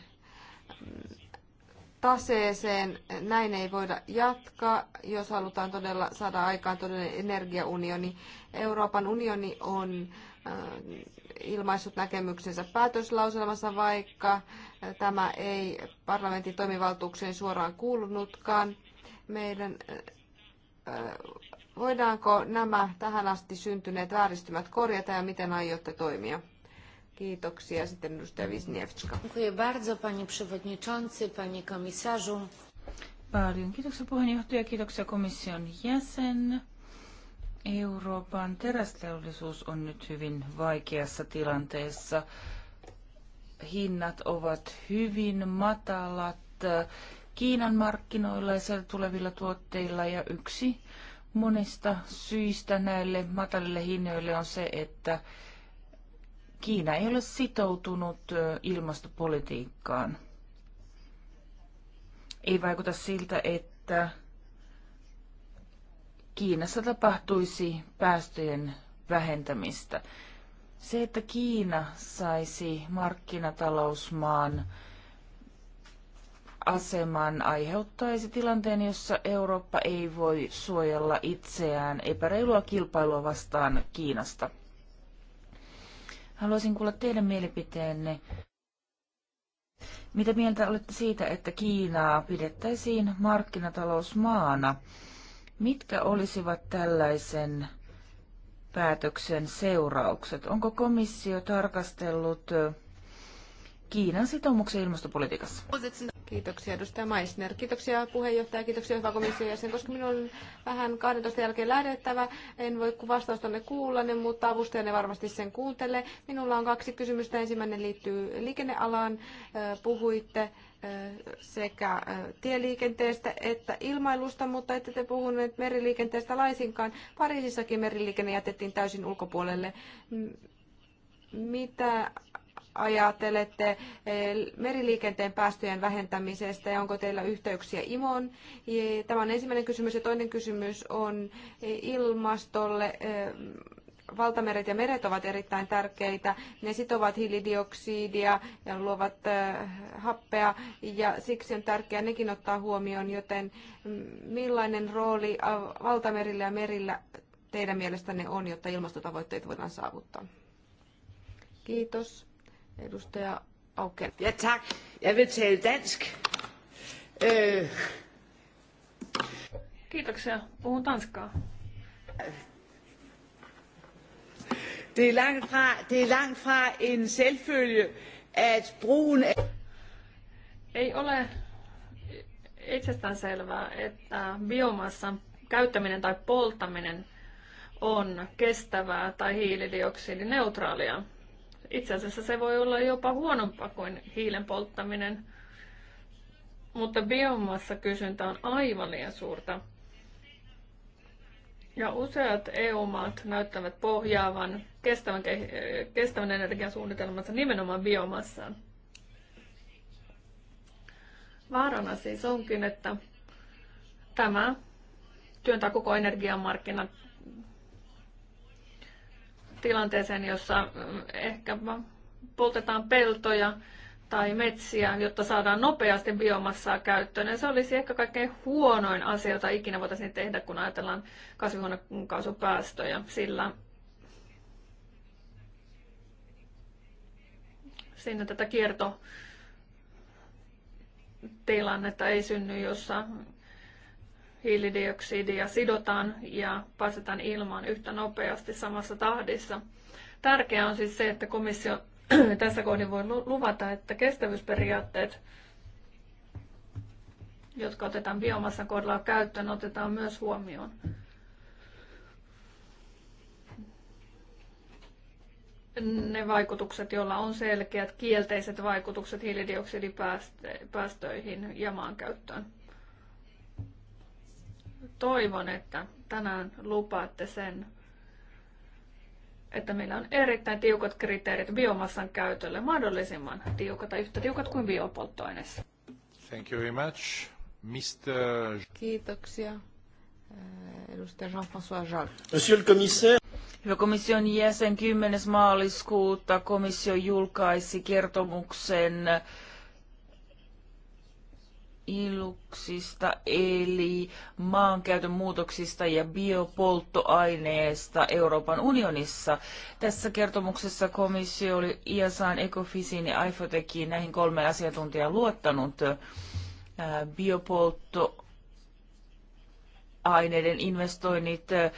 taseeseen. Näin ei voida jatkaa, jos halutaan todella saada aikaan todellinen energiaunioni. Euroopan unioni on äh, ilmaissut näkemyksensä päätöslauselmassa, vaikka äh, tämä ei parlamentin toimivaltuukseen suoraan kuulunutkaan. Meidän äh, voidaanko nämä tähän asti syntyneet vääristymät korjata ja miten aiotte toimia? Kiitoksia. Sitten edustaja Wisniewska. Dziękuję bardzo, panie przewodniczący, panie komisarzu. Paljon kiitoksia puheenjohtaja, kiitoksia komission jäsen. Euroopan terästeollisuus on nyt hyvin vaikeassa tilanteessa. Hinnat ovat hyvin matalat Kiinan markkinoilla ja sieltä tulevilla tuotteilla ja yksi monista syistä näille matalille hinnoille on se, että Kiina ei ole sitoutunut ilmastopolitiikkaan. Ei vaikuta siltä, että Kiinassa tapahtuisi päästöjen vähentämistä. Se, että Kiina saisi markkinatalousmaan aseman aiheuttaisi tilanteen, jossa Eurooppa ei voi suojella itseään epäreilua kilpailua vastaan Kiinasta. Haluaisin kuulla teidän mielipiteenne. Mitä mieltä olette siitä, että Kiinaa pidettäisiin markkinatalousmaana? Mitkä olisivat tällaisen päätöksen seuraukset? Onko komissio tarkastellut Kiinan sitoumuksen ilmastopolitiikassa? Kiitoksia edustaja Meissner. Kiitoksia puheenjohtaja, kiitoksia hyvä komission jäsen, koska minun on vähän 12 jälkeen lähdettävä. En voi vastaustanne kuulla, ne, mutta avustajanne varmasti sen kuuntelee. Minulla on kaksi kysymystä. Ensimmäinen liittyy liikennealaan. Puhuitte sekä tieliikenteestä että ilmailusta, mutta ette te puhuneet meriliikenteestä laisinkaan. Pariisissakin meriliikenne jätettiin täysin ulkopuolelle. Mitä ajattelette eh, meriliikenteen päästöjen vähentämisestä ja onko teillä yhteyksiä IMOon? Tämä on ensimmäinen kysymys ja toinen kysymys on eh, ilmastolle eh, valtameret ja meret ovat erittäin tärkeitä. Ne sitovat hiilidioksidia ja luovat happea ja siksi on tärkeää nekin ottaa huomioon, joten mm, millainen rooli valtamerillä ja merillä teidän mielestänne on, jotta ilmastotavoitteet voidaan saavuttaa? Kiitos. Edustaja Auken. Ja tale dansk. Øh. Kiitoksia. Puhun tanskaa. Det er langt fra, det er langt fra en selvfølge, at brugen af... Ei ole itsestäänselvää, että biomassan käyttäminen tai polttaminen on kestävää tai hiilidioksidineutraalia. Itse asiassa se voi olla jopa huonompaa kuin hiilen polttaminen, mutta biomassa kysyntä on aivan liian suurta. Ja useat EU-maat näyttävät pohjaavan kestävän, kestävän energiasuunnitelmansa nimenomaan biomassaan. Vaarana siis onkin, että tämä työntää koko energiamarkkinat tilanteeseen, jossa mm, ehkä poltetaan peltoja tai metsiä, jotta saadaan nopeasti biomassaa käyttöön. Ja se olisi ehkä kaikkein huonoin asia, jota ikinä voitaisiin tehdä, kun ajatellaan kasvihuonekaasupäästöjä, sillä siinä tätä kiertotilannetta ei synny, jossa hiilidioksidia sidotaan ja päästetään ilmaan yhtä nopeasti samassa tahdissa. Tärkeää on siis se, että komissio tässä kohdin voi luvata, että kestävyysperiaatteet, jotka otetaan biomassan kohdalla käyttöön, otetaan myös huomioon. ne vaikutukset, joilla on selkeät kielteiset vaikutukset hiilidioksidipäästöihin ja maankäyttöön toivon, että tänään lupaatte sen, että meillä on erittäin tiukat kriteerit biomassan käytölle, mahdollisimman tiukat tai yhtä tiukat kuin biopolttoaineissa. Thank you very much. Mr. Kiitoksia. Eh, edustaja Jean-François Jacques. Monsieur le commissaire. Hyvä komission jäsen, 10. maaliskuuta komissio julkaisi kertomuksen iluksista eli maankäytön muutoksista ja biopolttoaineesta Euroopan unionissa. Tässä kertomuksessa komissio oli IASAan, Ecofisin ja IFOTECin näihin kolme asiantuntijaa luottanut äh, biopolttoaineiden investoinnit äh,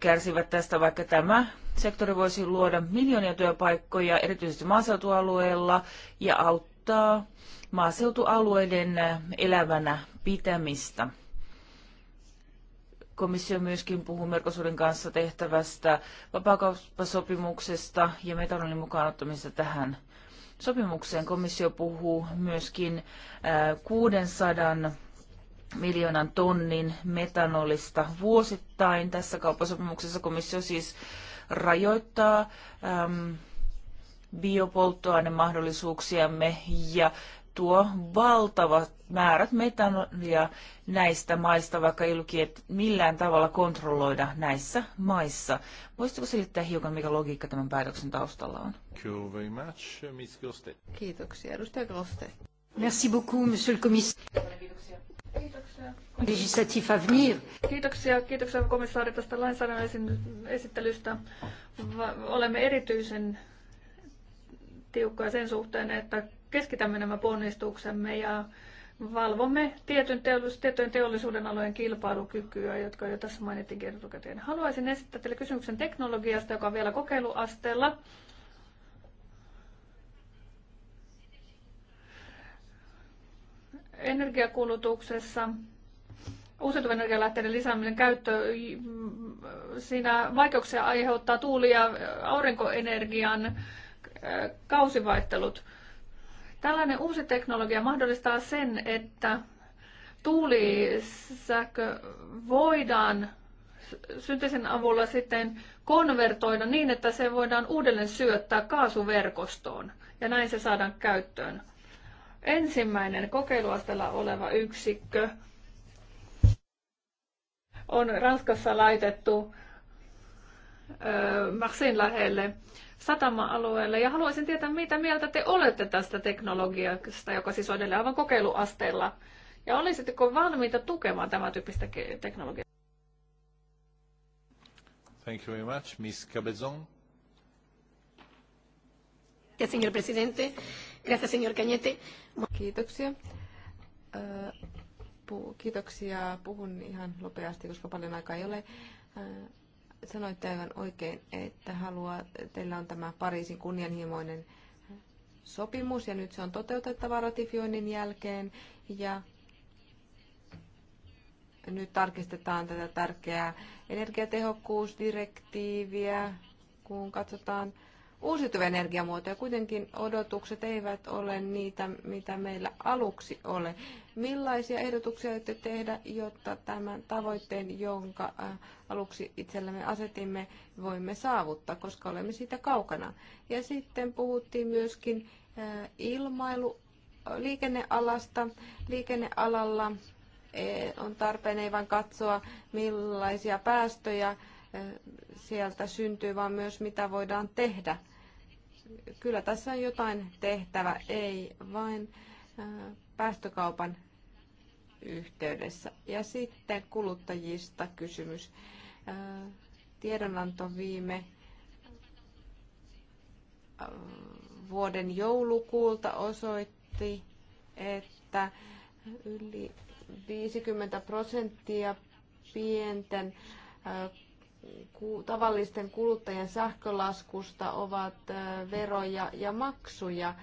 kärsivät tästä, vaikka tämä sektori voisi luoda miljoonia työpaikkoja erityisesti maaseutualueella ja auttaa maaseutualueiden elävänä pitämistä. Komissio myöskin puhuu Mercosurin kanssa tehtävästä vapaakauppasopimuksesta ja metanolin mukaan ottamisesta tähän sopimukseen. Komissio puhuu myöskin 600 äh, miljoonan tonnin metanolista vuosittain. Tässä kauppasopimuksessa komissio siis rajoittaa biopolttoainemahdollisuuksiamme ja tuo valtavat määrät metanolia näistä maista, vaikka ei lukiet millään tavalla kontrolloida näissä maissa. Voisitko selittää hiukan, mikä logiikka tämän päätöksen taustalla on? Kiitoksia, edustaja Groste. Merci beaucoup, monsieur le commissaire. Legislatif à Kiitoksia, kiitoksia komissaari tästä lainsäädännön esittelystä. Olemme erityisen tiukkoja sen suhteen, että keskitämme nämä ponnistuksemme ja valvomme tietyn teollis- tiettyjen teollisuuden alojen kilpailukykyä, jotka jo tässä mainittiin kertokäteen. Haluaisin esittää teille kysymyksen teknologiasta, joka on vielä kokeiluasteella. Energiakulutuksessa uusiutuvan energialähteiden lisääminen käyttö, siinä vaikeuksia aiheuttaa tuuli- ja aurinkoenergian kausivaihtelut – Tällainen uusi teknologia mahdollistaa sen, että tuulisähkö voidaan synteesin avulla sitten konvertoida niin, että se voidaan uudelleen syöttää kaasuverkostoon ja näin se saadaan käyttöön. Ensimmäinen kokeiluasteella oleva yksikkö on Ranskassa laitettu Marsin lähelle satama-alueelle. Ja haluaisin tietää, mitä mieltä te olette tästä teknologiasta, joka siis on edelleen aivan kokeiluasteella. Ja olisitteko valmiita tukemaan tämä tyyppistä teknologiaa? Thank you very much. Miss Cabezon. Ja, señor presidente. Gracias, señor Cañete. Kiitoksia. Kiitoksia. Puhun ihan nopeasti, koska paljon aikaa ei ole sanoitte aivan oikein, että haluaa, teillä on tämä Pariisin kunnianhimoinen sopimus ja nyt se on toteutettava ratifioinnin jälkeen ja nyt tarkistetaan tätä tärkeää energiatehokkuusdirektiiviä, kun katsotaan uusiutuvia energiamuotoja. Kuitenkin odotukset eivät ole niitä, mitä meillä aluksi ole. Millaisia ehdotuksia aiotte tehdä, jotta tämän tavoitteen, jonka äh, aluksi itsellemme asetimme, voimme saavuttaa, koska olemme siitä kaukana? Ja sitten puhuttiin myöskin äh, ilmailu liikennealasta. Liikennealalla eh, on tarpeen ei vain katsoa, millaisia päästöjä eh, sieltä syntyy, vaan myös mitä voidaan tehdä – kyllä tässä on jotain tehtävä, ei vain äh, päästökaupan yhteydessä. Ja sitten kuluttajista kysymys. Äh, tiedonanto viime äh, vuoden joulukuulta osoitti, että yli 50 prosenttia pienten tavallisten kuluttajien sähkölaskusta ovat veroja ja maksuja.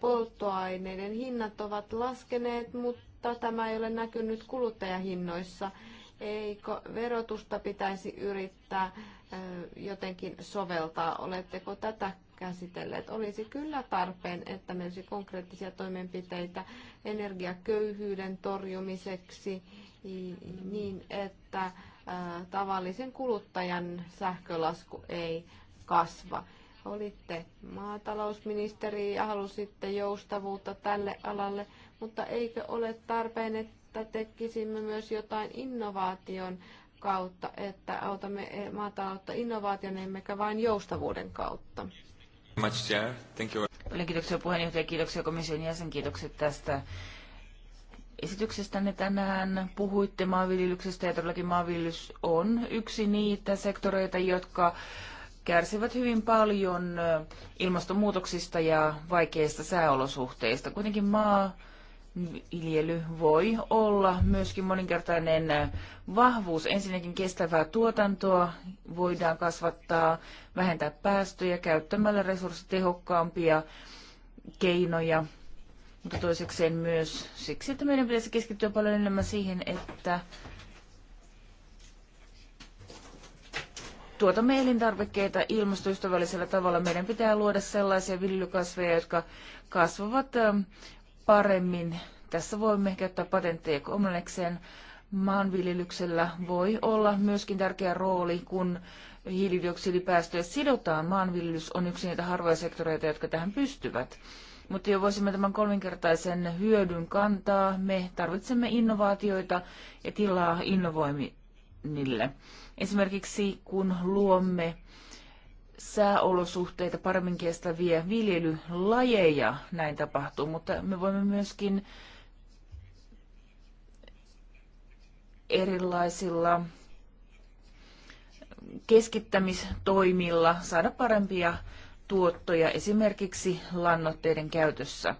Polttoaineiden hinnat ovat laskeneet, mutta tämä ei ole näkynyt kuluttajahinnoissa. Eikö verotusta pitäisi yrittää jotenkin soveltaa? Oletteko tätä käsitelleet? Olisi kyllä tarpeen, että meillä olisi konkreettisia toimenpiteitä energiaköyhyyden torjumiseksi niin, että tavallisen kuluttajan sähkölasku ei kasva. Olitte maatalousministeri ja halusitte joustavuutta tälle alalle, mutta eikö ole tarpeen, että tekisimme myös jotain innovaation kautta, että autamme e, maataloutta innovaation emmekä vain joustavuuden kautta? Paljon kiitoksia puheenjohtaja, kiitoksia komission jäsen, kiitokset tästä esityksestänne tänään. Puhuitte maanviljelyksestä ja todellakin maanviljelys on yksi niitä sektoreita, jotka kärsivät hyvin paljon ilmastonmuutoksista ja vaikeista sääolosuhteista. Kuitenkin maa viljely voi olla myöskin moninkertainen vahvuus. Ensinnäkin kestävää tuotantoa voidaan kasvattaa, vähentää päästöjä käyttämällä resurssitehokkaampia keinoja mutta toisekseen myös siksi, että meidän pitäisi keskittyä paljon enemmän siihen, että tuotamme elintarvikkeita ilmastoystävällisellä tavalla. Meidän pitää luoda sellaisia viljelykasveja, jotka kasvavat ähm, paremmin. Tässä voimme käyttää patentteja kolmannekseen. Maanviljelyksellä voi olla myöskin tärkeä rooli, kun hiilidioksidipäästöjä sidotaan. Maanviljelys on yksi niitä harvoja sektoreita, jotka tähän pystyvät. Mutta jo voisimme tämän kolminkertaisen hyödyn kantaa, me tarvitsemme innovaatioita ja tilaa innovoinnille. Esimerkiksi kun luomme sääolosuhteita paremmin kestäviä viljelylajeja, näin tapahtuu, mutta me voimme myöskin erilaisilla keskittämistoimilla saada parempia tuottoja esimerkiksi lannoitteiden käytössä.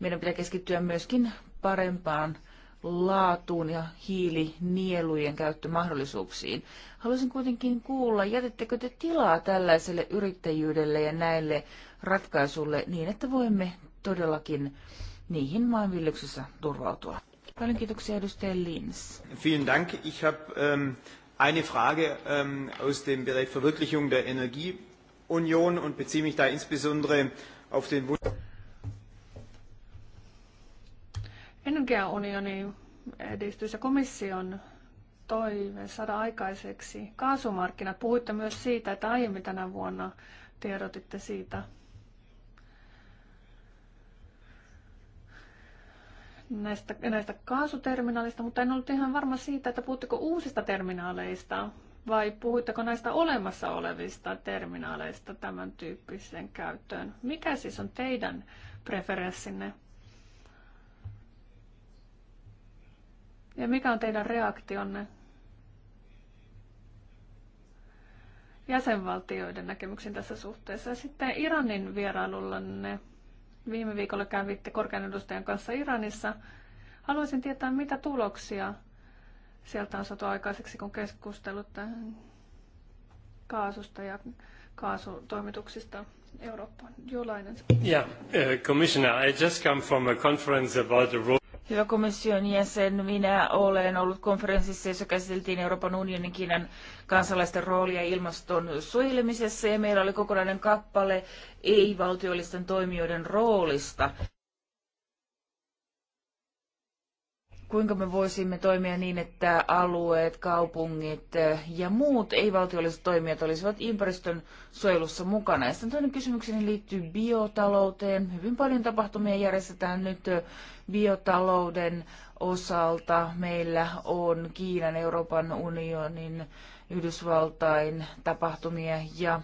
Meidän pitää keskittyä myöskin parempaan laatuun ja hiilinielujen käyttömahdollisuuksiin. Haluaisin kuitenkin kuulla, jätettekö te tilaa tällaiselle yrittäjyydelle ja näille ratkaisulle niin, että voimme todellakin niihin maanviljelyksessä turvautua. Paljon kiitoksia edustaja Lins. Vielen Dank. Ich habe ähm, eine Frage ähm, aus dem Bereich Verwirklichung der Energie. Union und beziehe mich da insbesondere auf den Wunsch. Energiaunioni edistyssä komission toive saada aikaiseksi kaasumarkkinat. Puhuitte myös siitä, että aiemmin tänä vuonna tiedotitte siitä. Näistä, näistä kaasuterminaalista, mutta en ollut ihan varma siitä, että puhutteko uusista terminaaleista vai puhuitteko näistä olemassa olevista terminaaleista tämän tyyppiseen käyttöön? Mikä siis on teidän preferenssinne? Ja mikä on teidän reaktionne jäsenvaltioiden näkemyksiin tässä suhteessa? Sitten Iranin vierailullanne viime viikolla kävitte korkean edustajan kanssa Iranissa. Haluaisin tietää, mitä tuloksia sieltä on saatu aikaiseksi, kun keskustelut tähän kaasusta ja kaasutoimituksista Eurooppaan. Jolainen. Yeah, uh, Commissioner, I just come from a conference about the role Hyvä komission jäsen, minä olen ollut konferenssissa, jossa käsiteltiin Euroopan unionin Kiinan kansalaisten roolia ilmaston suojelemisessa ja meillä oli kokonainen kappale ei-valtiollisten toimijoiden roolista. kuinka me voisimme toimia niin, että alueet, kaupungit eh, ja muut ei-valtiolliset toimijat olisivat ympäristön suojelussa mukana. Ja sitten toinen kysymykseni liittyy biotalouteen. Hyvin paljon tapahtumia järjestetään nyt eh, biotalouden osalta. Meillä on Kiinan, Euroopan unionin, Yhdysvaltain tapahtumia ja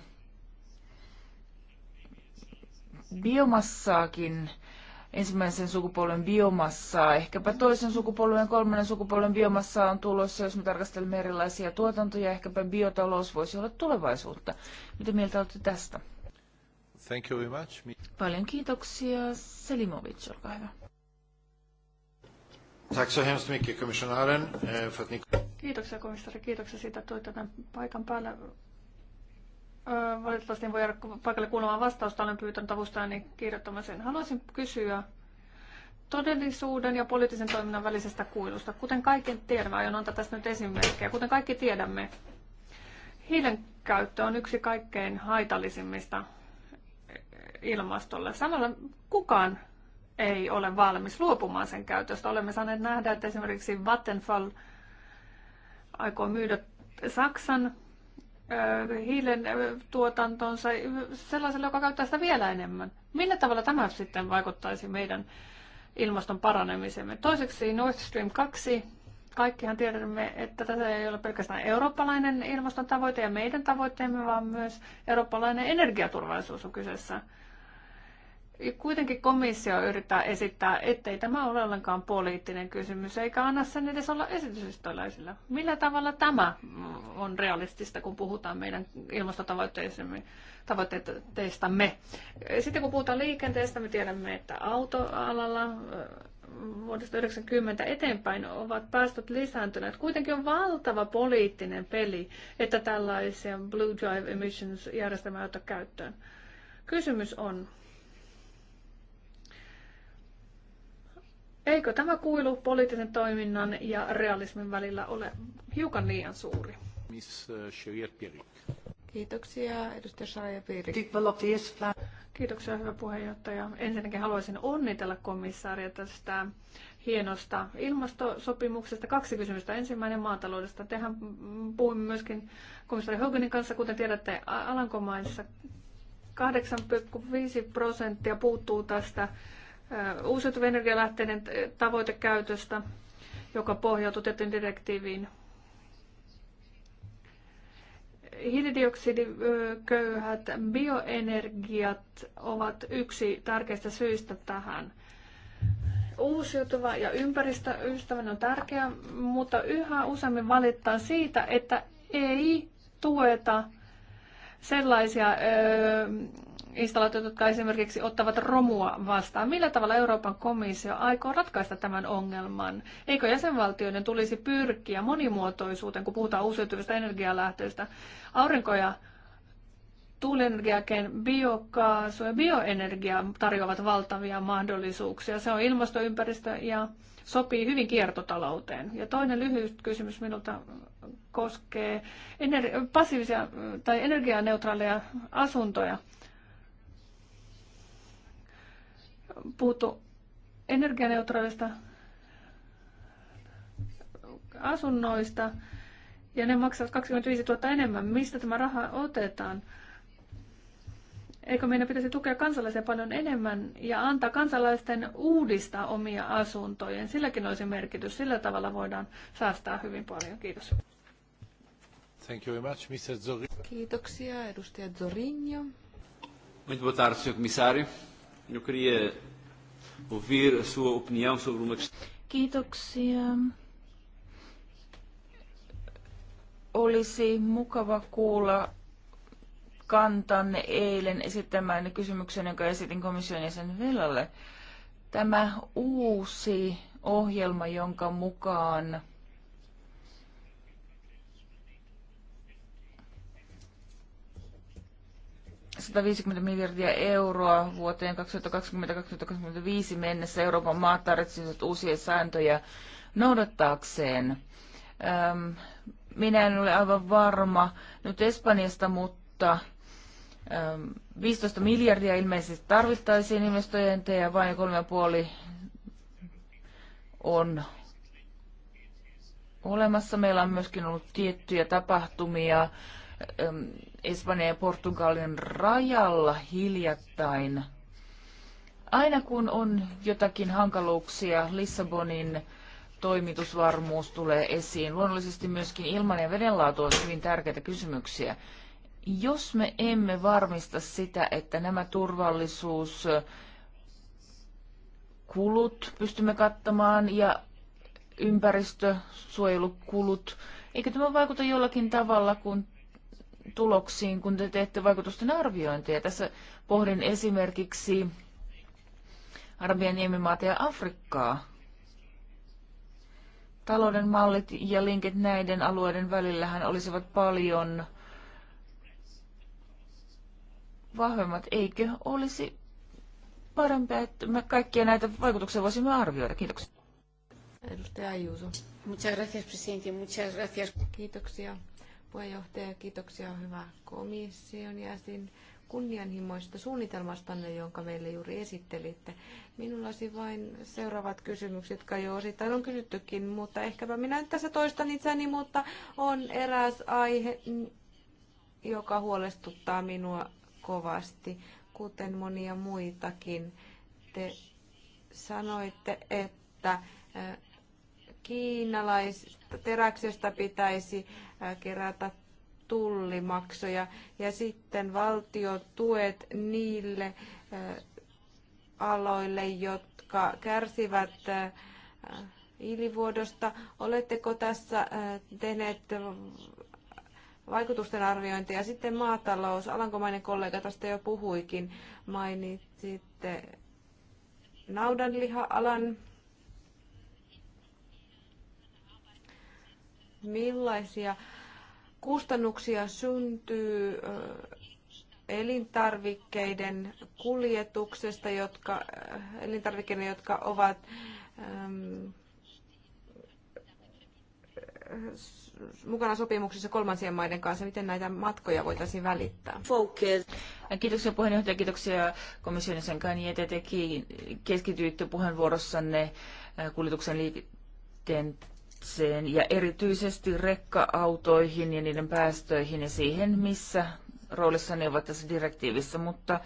biomassaakin ensimmäisen sukupolven biomassaa. Ehkäpä toisen sukupolven, kolmannen sukupolven biomassaa on tulossa, jos me tarkastelemme erilaisia tuotantoja. Ehkäpä biotalous voisi olla tulevaisuutta. Mitä mieltä olette tästä? Thank you very much. Paljon kiitoksia. Selimovic, olkaa hyvä. Eh, kiitoksia komissaari, kiitoksia siitä, että tämän paikan päälle. Valitettavasti en voi jäädä paikalle kuulemaan vastausta, olen pyytänyt avustajani kirjoittamaan sen. Haluaisin kysyä todellisuuden ja poliittisen toiminnan välisestä kuilusta. Kuten kaikki tiedämme, aion antaa tästä nyt esimerkkejä, kuten kaikki tiedämme, hiilen käyttö on yksi kaikkein haitallisimmista ilmastolle. Samalla kukaan ei ole valmis luopumaan sen käytöstä. Olemme saaneet nähdä, että esimerkiksi Vattenfall aikoo myydä Saksan hiilen tuotantonsa sellaiselle, joka käyttää sitä vielä enemmän. Millä tavalla tämä sitten vaikuttaisi meidän ilmaston paranemisemme? Toiseksi Nord Stream 2. Kaikkihan tiedämme, että tässä ei ole pelkästään eurooppalainen ilmaston tavoite ja meidän tavoitteemme, vaan myös eurooppalainen energiaturvallisuus on kyseessä. Kuitenkin komissio yrittää esittää, ettei tämä ole ollenkaan poliittinen kysymys, eikä anna sen edes olla esitysistolaisilla. Millä tavalla tämä on realistista, kun puhutaan meidän ilmastotavoitteistamme? Sitten kun puhutaan liikenteestä, me tiedämme, että autoalalla äh, vuodesta 90 eteenpäin ovat päästöt lisääntyneet. Kuitenkin on valtava poliittinen peli, että tällaisia Blue Drive Emissions järjestelmää ottaa käyttöön. Kysymys on, Eikö tämä kuilu poliittisen toiminnan ja realismin välillä ole hiukan liian suuri? Miss eh, Kiitoksia, edustaja schreier Kiitoksia, hyvä puheenjohtaja. Ensinnäkin haluaisin onnitella komissaaria tästä hienosta ilmastosopimuksesta. Kaksi kysymystä. Ensimmäinen maataloudesta. Tehän puhuimme myöskin komissaari Hoganin kanssa, kuten tiedätte, Alankomaissa 8,5 prosenttia puuttuu tästä uusiutuvien energialähteiden tavoitekäytöstä, joka pohjautuu tietyn direktiiviin. Hiilidioksidiköyhät bioenergiat ovat yksi tärkeistä syistä tähän. Uusiutuva ja ympäristöystävän on tärkeää, mutta yhä useammin valittaa siitä, että ei tueta sellaisia öö, installaatiot, jotka esimerkiksi ottavat romua vastaan. Millä tavalla Euroopan komissio aikoo ratkaista tämän ongelman? Eikö jäsenvaltioiden tulisi pyrkiä monimuotoisuuteen, kun puhutaan uusiutuvista energialähteistä? Aurinko- ja tuulienergiakin biokaasu ja bioenergia tarjoavat valtavia mahdollisuuksia. Se on ilmastoympäristö ja sopii hyvin kiertotalouteen. Ja toinen lyhyt kysymys minulta koskee energi- passiivisia tai energianeutraaleja asuntoja. puhuttu energianeutraalista asunnoista ja ne maksavat 25 000 enemmän. Mistä tämä raha otetaan? Eikö meidän pitäisi tukea kansalaisia paljon enemmän ja antaa kansalaisten uudistaa omia asuntojen? Silläkin olisi merkitys. Sillä tavalla voidaan säästää hyvin paljon. Kiitos. Thank you very much, Mr. Kiitoksia, edustaja Zorinjo. Muito boa tarde, senhor comissário. Eu queria ouvir a sua opinião sobre uma questão. Kiitoksia. Olisi mukava kuulla kantanne eilen esittämään kysymyksen, jonka esitin komission jäsen Velalle. Tämä uusi ohjelma, jonka mukaan 150 miljardia euroa vuoteen 2020-2025 mennessä Euroopan maat tarvitsisivat uusia sääntöjä noudattaakseen. Ähm, minä en ole aivan varma nyt Espanjasta, mutta 15 miljardia ilmeisesti tarvittaisiin investointeja ja vain 3,5 on olemassa. Meillä on myöskin ollut tiettyjä tapahtumia Espanjan ja Portugalin rajalla hiljattain. Aina kun on jotakin hankaluuksia, Lissabonin toimitusvarmuus tulee esiin. Luonnollisesti myöskin ilman ja vedenlaatu on hyvin tärkeitä kysymyksiä. Jos me emme varmista sitä, että nämä turvallisuus kulut pystymme kattamaan ja ympäristösuojelukulut. Eikö tämä vaikuta jollakin tavalla, kun tuloksiin, kun te teette vaikutusten arviointia. Tässä pohdin esimerkiksi Arabian niemimaata ja Afrikkaa. Talouden mallit ja linkit näiden alueiden välillähän olisivat paljon vahvemmat. Eikö olisi parempi, että me kaikkia näitä vaikutuksia voisimme arvioida? Kiitoksia. Edustaja Ayuso. Muchas gracias, presidente. Muchas gracias. Kiitoksia puheenjohtaja. Kiitoksia hyvä komission jäsen kunnianhimoista suunnitelmastanne, jonka meille juuri esittelitte. Minulla olisi vain seuraavat kysymykset, jotka jo osittain on kysyttykin, mutta ehkäpä minä nyt tässä toistan itseäni, mutta on eräs aihe, joka huolestuttaa minua kovasti, kuten monia muitakin. Te sanoitte, että Kiinalaisesta teräksestä pitäisi äh, kerätä tullimaksuja ja sitten valtio tuet niille äh, aloille, jotka kärsivät äh, ilivuodosta. Oletteko tässä tehneet vaikutusten arviointia ja sitten maatalous. Alankomainen kollega tästä jo puhuikin. Mainitsitte naudanliha-alan. millaisia kustannuksia syntyy elintarvikkeiden kuljetuksesta, jotka, elintarvikkeiden, jotka ovat äm, mukana sopimuksissa kolmansien maiden kanssa, miten näitä matkoja voitaisiin välittää? Focus. Kiitoksia puheenjohtaja, kiitoksia komission jäsen Kaniete. Te keskityitte puheenvuorossanne kuljetuksen liikenteen liikenteeseen ja erityisesti rekka-autoihin ja niiden päästöihin ja siihen, missä roolissa ne ovat tässä direktiivissä. Mutta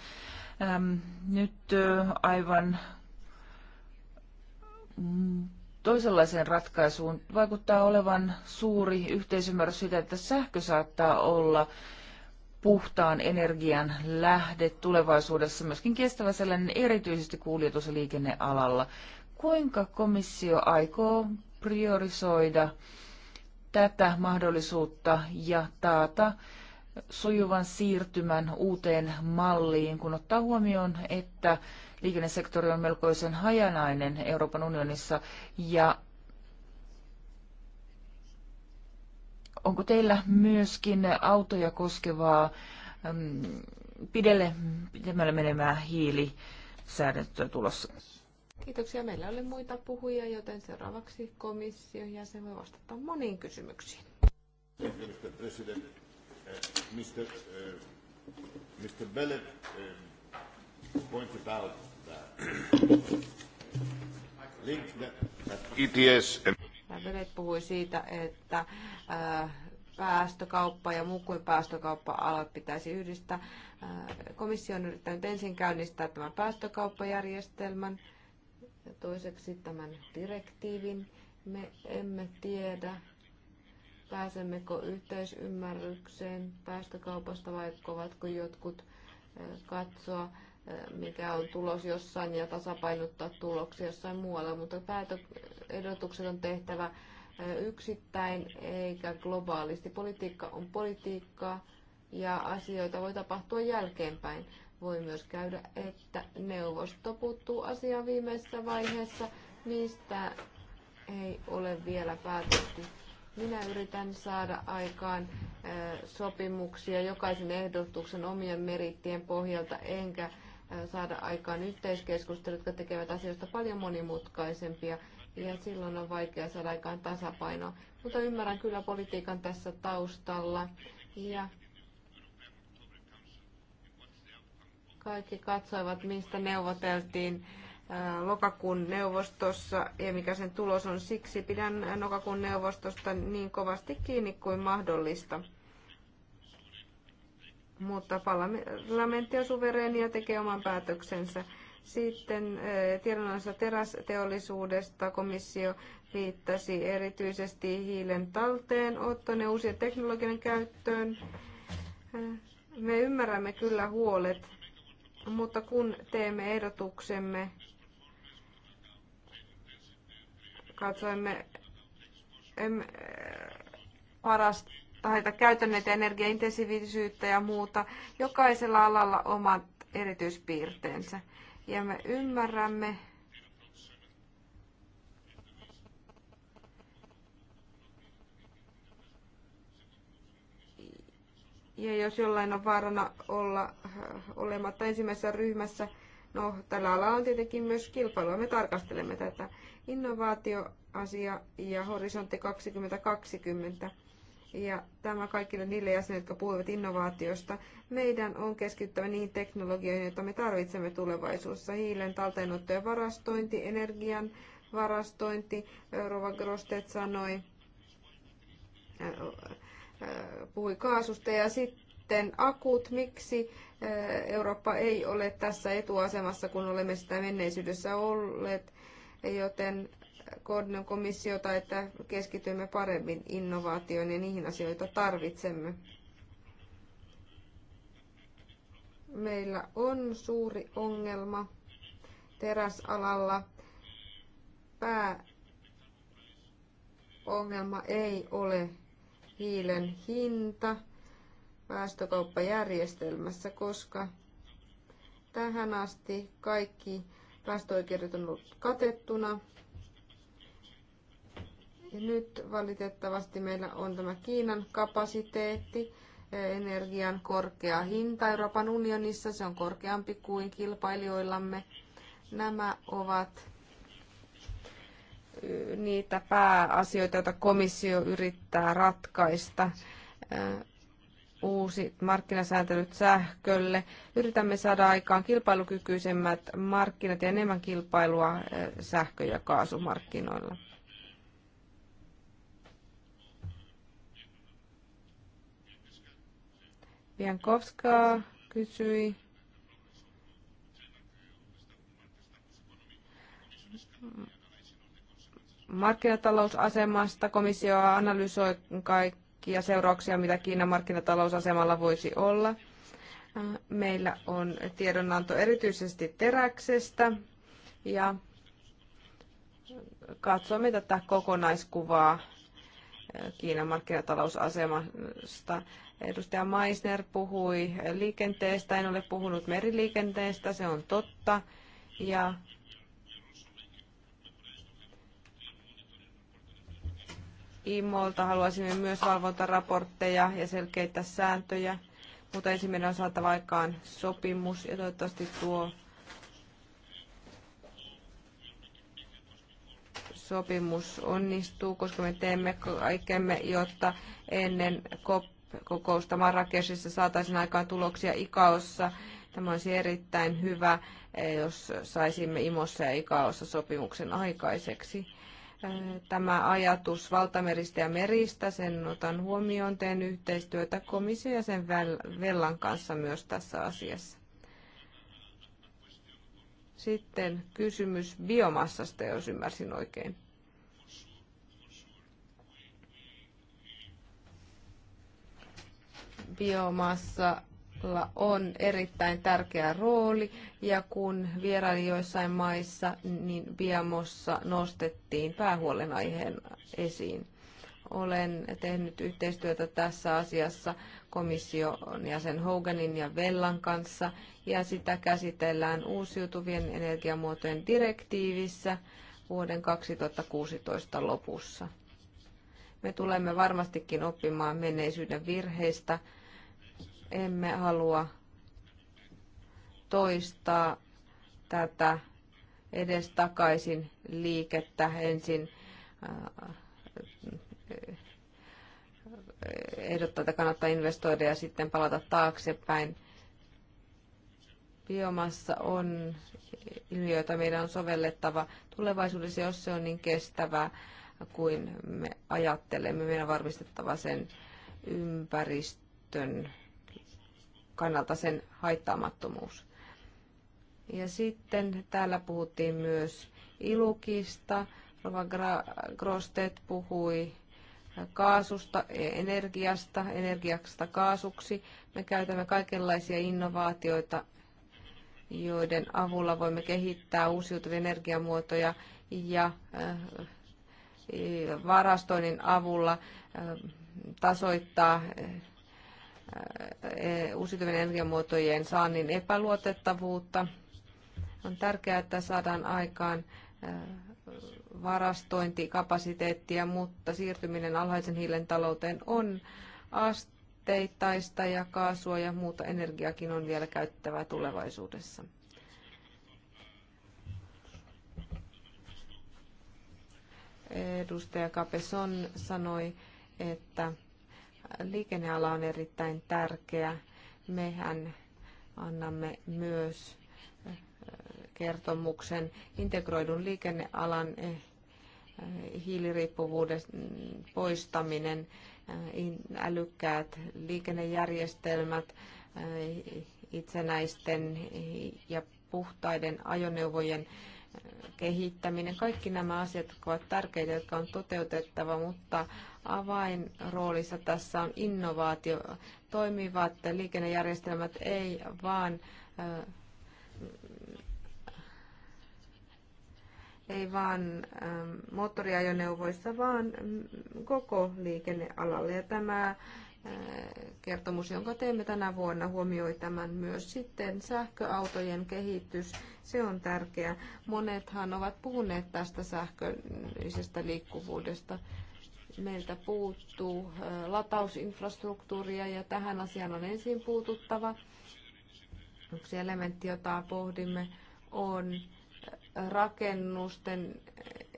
äm, nyt ä, aivan toisenlaiseen ratkaisuun vaikuttaa olevan suuri yhteisymmärrys siitä, että sähkö saattaa olla puhtaan energian lähde tulevaisuudessa, myöskin kestävä sellainen erityisesti kuljetus- ja liikennealalla. Kuinka komissio aikoo priorisoida tätä mahdollisuutta ja taata sujuvan siirtymän uuteen malliin, kun ottaa huomioon, että liikennesektori on melkoisen hajanainen Euroopan unionissa ja onko teillä myöskin autoja koskevaa pidelle, pidemmälle menemää hiilisäädäntöä tulossa? Kiitoksia. Meillä oli muita puhujia, joten seuraavaksi komission jäsen voi vastata moniin kysymyksiin. Mr. President, eh, Mr. Eh, Mr. Bellet eh, pointed out that link e puhui siitä, että päästökauppa ja muu kuin päästökauppa-alat pitäisi yhdistää. Komissio on yrittänyt ensin käynnistää tämän päästökauppajärjestelmän ja toiseksi tämän direktiivin. Me emme tiedä, pääsemmekö yhteisymmärrykseen päästökaupasta vai ovatko jotkut katsoa, mikä on tulos jossain ja tasapainottaa tuloksia jossain muualla, mutta päätöehdotukset on tehtävä yksittäin eikä globaalisti. Politiikka on politiikkaa ja asioita voi tapahtua jälkeenpäin. Voi myös käydä, että neuvosto puuttuu asiaan viimeisessä vaiheessa, mistä ei ole vielä päätetty. Minä yritän saada aikaan sopimuksia jokaisen ehdotuksen omien merittien pohjalta, enkä saada aikaan yhteiskeskustelut, jotka tekevät asioista paljon monimutkaisempia ja silloin on vaikea saada aikaan tasapainoa. Mutta ymmärrän kyllä politiikan tässä taustalla ja Kaikki katsoivat, mistä neuvoteltiin lokakuun neuvostossa ja mikä sen tulos on. Siksi pidän lokakuun neuvostosta niin kovasti kiinni kuin mahdollista. Mutta parlamentti on suvereeni ja tekee oman päätöksensä. Sitten tiedonannossa terästeollisuudesta komissio viittasi erityisesti hiilen talteen ottoon uusien teknologian käyttöön. Me ymmärrämme kyllä huolet mutta kun teemme ehdotuksemme, katsoimme em, eh, parasta tai käytännöitä, energiaintensiivisyyttä ja muuta. Jokaisella alalla omat erityispiirteensä. Ja me ymmärrämme, Ja jos jollain on vaarana olla äh, olematta ensimmäisessä ryhmässä, no tällä alalla on tietenkin myös kilpailua. Me tarkastelemme tätä innovaatioasia ja horisontti 2020. Ja tämä kaikille niille jäsenille, jotka puhuvat innovaatiosta. Meidän on keskittävä niihin teknologioihin, joita me tarvitsemme tulevaisuudessa. Hiilen talteenotto ja varastointi, energian varastointi, Rova Grostet sanoi Äh, puhui kaasusta ja sitten akut, miksi äh, Eurooppa ei ole tässä etuasemassa, kun olemme sitä menneisyydessä olleet, joten koordinoin komissiota, että keskitymme paremmin innovaatioon ja niihin asioita tarvitsemme. Meillä on suuri ongelma teräsalalla. Pääongelma ei ole hiilen hinta päästökauppajärjestelmässä, koska tähän asti kaikki päästöoikeudet on ollut katettuna. Ja nyt valitettavasti meillä on tämä Kiinan kapasiteetti, energian korkea hinta Euroopan unionissa, se on korkeampi kuin kilpailijoillamme. Nämä ovat niitä pääasioita, joita komissio yrittää ratkaista. Uusi markkinasääntelyt sähkölle. Yritämme saada aikaan kilpailukykyisemmät markkinat ja enemmän kilpailua sähkö- ja kaasumarkkinoilla. Jankowska kysyi markkinatalousasemasta. Komissio analysoi kaikkia seurauksia, mitä Kiinan markkinatalousasemalla voisi olla. Meillä on tiedonanto erityisesti teräksestä ja katsomme tätä kokonaiskuvaa Kiinan markkinatalousasemasta. Edustaja Meisner puhui liikenteestä, en ole puhunut meriliikenteestä, se on totta. Ja IMOlta haluaisimme myös valvontaraportteja ja selkeitä sääntöjä, mutta meidän on saatava aikaan sopimus ja toivottavasti tuo sopimus onnistuu, koska me teemme kaikkemme, jotta ennen COP-kokousta Marrakeshissa saataisiin aikaan tuloksia ikaossa. Tämä olisi erittäin hyvä, eh, jos saisimme imossa ja ikaossa sopimuksen aikaiseksi. Tämä ajatus valtameristä ja meristä, sen otan huomioon, teen yhteistyötä komissio ja sen Vellan kanssa myös tässä asiassa. Sitten kysymys biomassasta, jos ymmärsin oikein. Biomassa on erittäin tärkeä rooli ja kun vieraili joissain maissa, niin Viamossa nostettiin päähuolenaiheen esiin. Olen tehnyt yhteistyötä tässä asiassa komission jäsen Hoganin ja Vellan kanssa ja sitä käsitellään uusiutuvien energiamuotojen direktiivissä vuoden 2016 lopussa. Me tulemme varmastikin oppimaan menneisyyden virheistä emme halua toistaa tätä edestakaisin liikettä ensin äh, ehdottaa, että kannattaa investoida ja sitten palata taaksepäin. Biomassa on ilmiö, jota meidän on sovellettava tulevaisuudessa, jos se on niin kestävää kuin me ajattelemme. Meidän on varmistettava sen ympäristön kannalta sen haittaamattomuus. Ja sitten täällä puhuttiin myös ilukista. Rova Grostet puhui kaasusta, e-, energiasta, energiasta kaasuksi. Me käytämme kaikenlaisia innovaatioita, joiden avulla voimme kehittää uusiutuvia energiamuotoja ja e, varastoinnin avulla e, tasoittaa uusiutuvien energiamuotojen saannin epäluotettavuutta. On tärkeää, että saadaan aikaan varastointikapasiteettia, mutta siirtyminen alhaisen hiilen talouteen on asteittaista ja kaasua ja muuta energiakin on vielä käyttävää tulevaisuudessa. Edustaja Capeson sanoi, että liikenneala on erittäin tärkeä. Mehän annamme myös eh, kertomuksen integroidun liikennealan eh, hiiliriippuvuuden poistaminen, eh, älykkäät liikennejärjestelmät, itsenäisten ja puhtaiden ajoneuvojen kehittäminen. Kaikki nämä asiat ovat tärkeitä, jotka on toteutettava, mutta avainroolissa tässä on innovaatio. Toimivat liikennejärjestelmät ei vaan ei vaan moottoriajoneuvoissa, vaan koko liikennealalle. Ja tämä kertomus, jonka teemme tänä vuonna, huomioi tämän myös sitten sähköautojen kehitys. Se on tärkeä. Monethan ovat puhuneet tästä sähköisestä liikkuvuudesta meiltä puuttuu latausinfrastruktuuria ja tähän asiaan on ensin puututtava. Yksi elementti, jota pohdimme, on rakennusten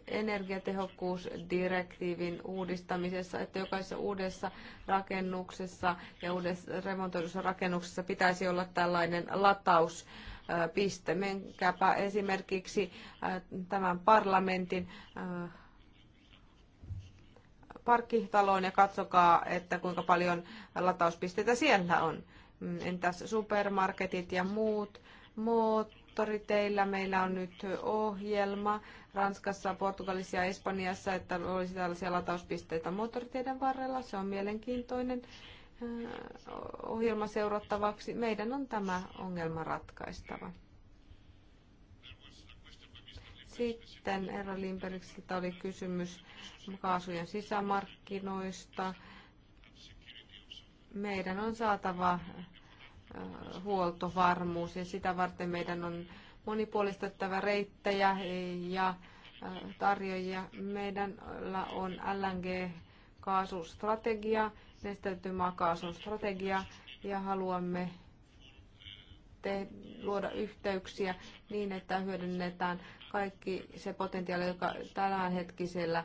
energiatehokkuusdirektiivin uudistamisessa, että jokaisessa uudessa rakennuksessa ja uudessa remontoidussa rakennuksessa pitäisi olla tällainen lataus piste. Menkääpä esimerkiksi tämän parlamentin parkkitaloon ja katsokaa, että kuinka paljon latauspisteitä siellä on. Entäs supermarketit ja muut? Moottoriteillä meillä on nyt ohjelma Ranskassa, Portugalissa ja Espanjassa, että olisi tällaisia latauspisteitä moottoriteiden varrella. Se on mielenkiintoinen ohjelma seurattavaksi. Meidän on tämä ongelma ratkaistava. Sitten Erra Limperiksiltä oli kysymys kaasujen sisämarkkinoista. Meidän on saatava huoltovarmuus ja sitä varten meidän on monipuolistettava reittejä ja tarjoajia. Meidän on LNG-kaasustrategia, nesteyty maakaasun strategia ja haluamme te- luoda yhteyksiä niin, että hyödynnetään kaikki se potentiaali, joka hetkisellä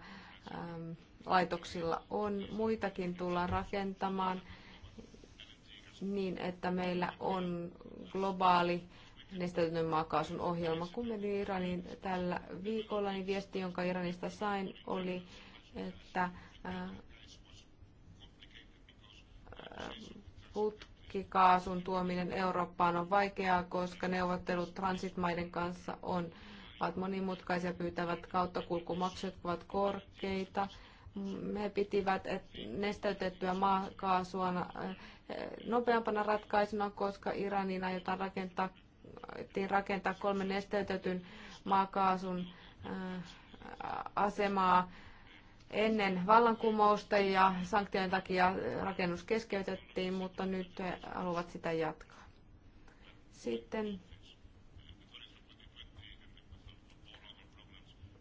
äm, laitoksilla on. Muitakin tullaan rakentamaan niin, että meillä on globaali nesteytyneen maakaasun ohjelma. Kun menin Iranin tällä viikolla, niin viesti, jonka Iranista sain, oli, että putkikaasun tuominen Eurooppaan on vaikeaa, koska neuvottelut transitmaiden kanssa on ovat monimutkaisia, pyytävät kauttakulkumaksut ovat korkeita. Me pitivät nesteytettyä maakaasua äh, nopeampana ratkaisuna, koska Iraniin aiotaan rakentaa, rakentaa kolme nesteytetyn maakaasun äh, asemaa ennen vallankumousta ja sanktioiden takia rakennus keskeytettiin, mutta nyt he haluavat sitä jatkaa. Sitten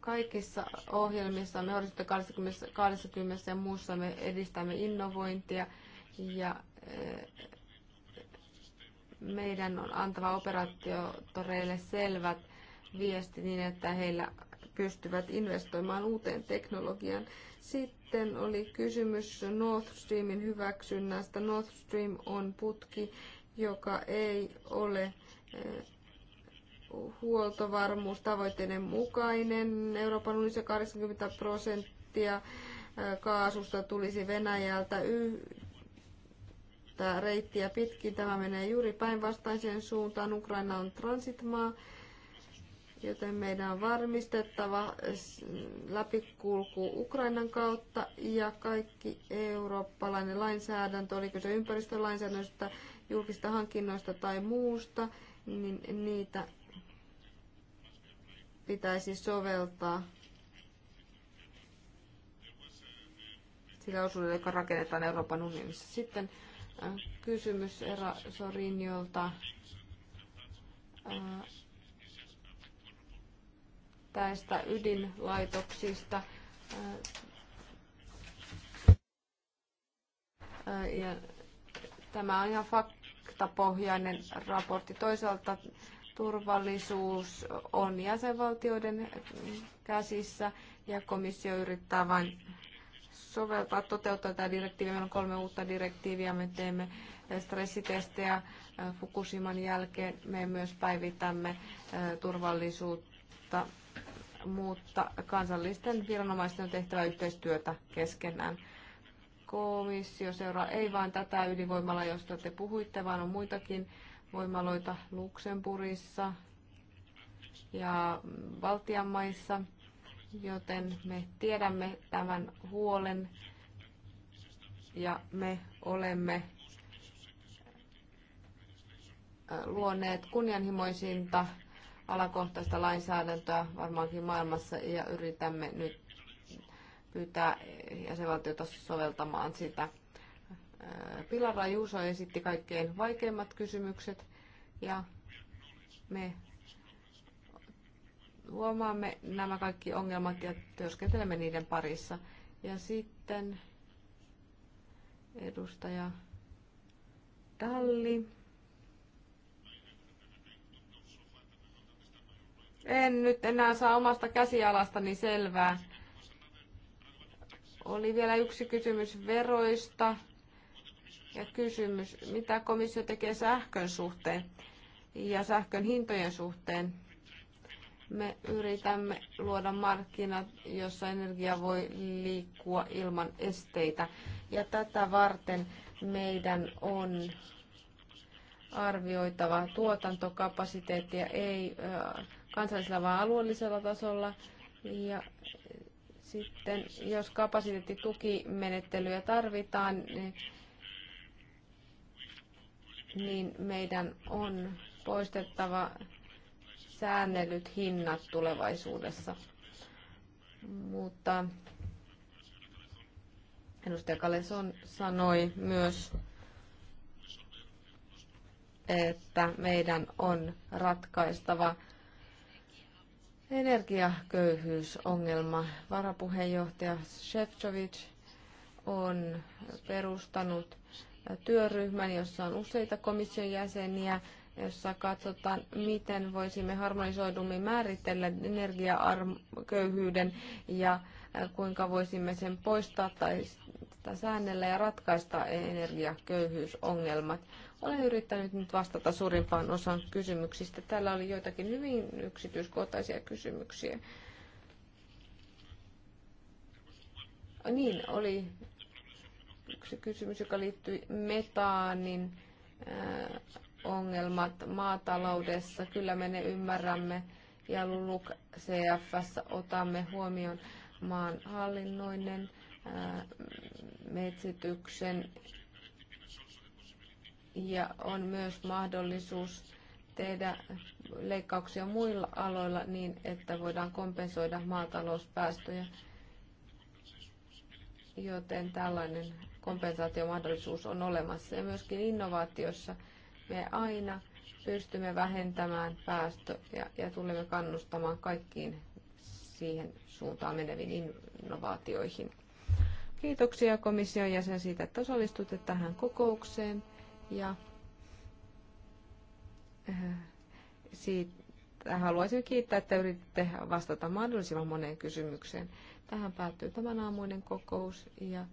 Kaikissa ohjelmissa, me Horisontti 20, 20 ja muussa me edistämme innovointia ja eh, meidän on antava operaattoreille selvät viestit niin, että heillä pystyvät investoimaan uuteen teknologiaan. Sitten oli kysymys Nord Streamin hyväksynnästä. Nord Stream on putki, joka ei ole eh, huoltovarmuustavoitteiden mukainen. Euroopan unionissa 80 prosenttia kaasusta tulisi Venäjältä yhtä reittiä pitkin. Tämä menee juuri päinvastaiseen suuntaan. Ukraina on transitmaa, joten meidän on varmistettava läpikulku Ukrainan kautta ja kaikki eurooppalainen lainsäädäntö, oliko se ympäristölainsäädännöstä, julkista hankinnoista tai muusta, niin niitä pitäisi soveltaa sillä osuudella, joka rakennetaan Euroopan unionissa. Sitten äh, kysymys Era Sorinjolta äh, tästä ydinlaitoksista äh, ja tämä on ihan faktapohjainen raportti. Toisaalta turvallisuus on jäsenvaltioiden käsissä ja komissio yrittää vain soveltaa, toteuttaa tämä direktiivi. Meillä on kolme uutta direktiiviä. Me teemme stressitestejä Fukushiman jälkeen. Me myös päivitämme turvallisuutta, mutta kansallisten viranomaisten on tehtävä yhteistyötä keskenään. Komissio seuraa ei vain tätä ydinvoimalla, josta te puhuitte, vaan on muitakin voimaloita Luxemburissa ja Baltian maissa, joten me tiedämme tämän huolen ja me olemme luoneet kunnianhimoisinta alakohtaista lainsäädäntöä varmaankin maailmassa ja yritämme nyt pyytää jäsenvaltiota soveltamaan sitä. Pilara Rajuso esitti kaikkein vaikeimmat kysymykset ja me huomaamme nämä kaikki ongelmat ja työskentelemme niiden parissa. Ja sitten edustaja Talli. En nyt enää saa omasta käsialastani selvää. Oli vielä yksi kysymys veroista ja kysymys, mitä komissio tekee sähkön suhteen ja sähkön hintojen suhteen? Me yritämme luoda markkinat, jossa energia voi liikkua ilman esteitä. Ja tätä varten meidän on arvioitava tuotantokapasiteettia ei kansallisella vaan alueellisella tasolla. Ja sitten jos kapasiteettitukimenettelyä tarvitaan, niin niin meidän on poistettava säännellyt hinnat tulevaisuudessa. Mutta edustaja Kaleson sanoi myös, että meidän on ratkaistava energiaköyhyysongelma. Varapuheenjohtaja Shevchovic on perustanut työryhmän, jossa on useita komission jäseniä, jossa katsotaan, miten voisimme harmonisoidummin määritellä energiaköyhyyden ja kuinka voisimme sen poistaa tai sitä säännellä ja ratkaista energiaköyhyysongelmat. Olen yrittänyt nyt vastata suurimpaan osaan kysymyksistä. Täällä oli joitakin hyvin yksityiskohtaisia kysymyksiä. Niin, oli yksi kysymys, joka liittyy metaanin äh, ongelmat maataloudessa. Kyllä me ne ymmärrämme ja LULUK CFS otamme huomioon maan hallinnoinen äh, metsityksen ja on myös mahdollisuus tehdä leikkauksia muilla aloilla niin, että voidaan kompensoida maatalouspäästöjä, joten tällainen kompensaatiomahdollisuus on olemassa. Ja myöskin innovaatiossa me aina pystymme vähentämään päästöjä ja tulemme kannustamaan kaikkiin siihen suuntaan meneviin innovaatioihin. Kiitoksia komission jäsen siitä, että osallistutte tähän kokoukseen ja äh, siitä haluaisin kiittää, että yrititte vastata mahdollisimman moneen kysymykseen. Tähän päättyy tämän aamuinen kokous ja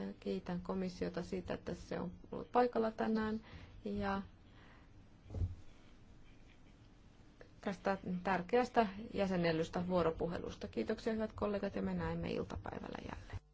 Äh, kiitän komissiota siitä, että se on ollut paikalla tänään ja tästä tärkeästä jäsenellystä vuoropuhelusta. Kiitoksia hyvät kollegat ja me näemme iltapäivällä jälleen.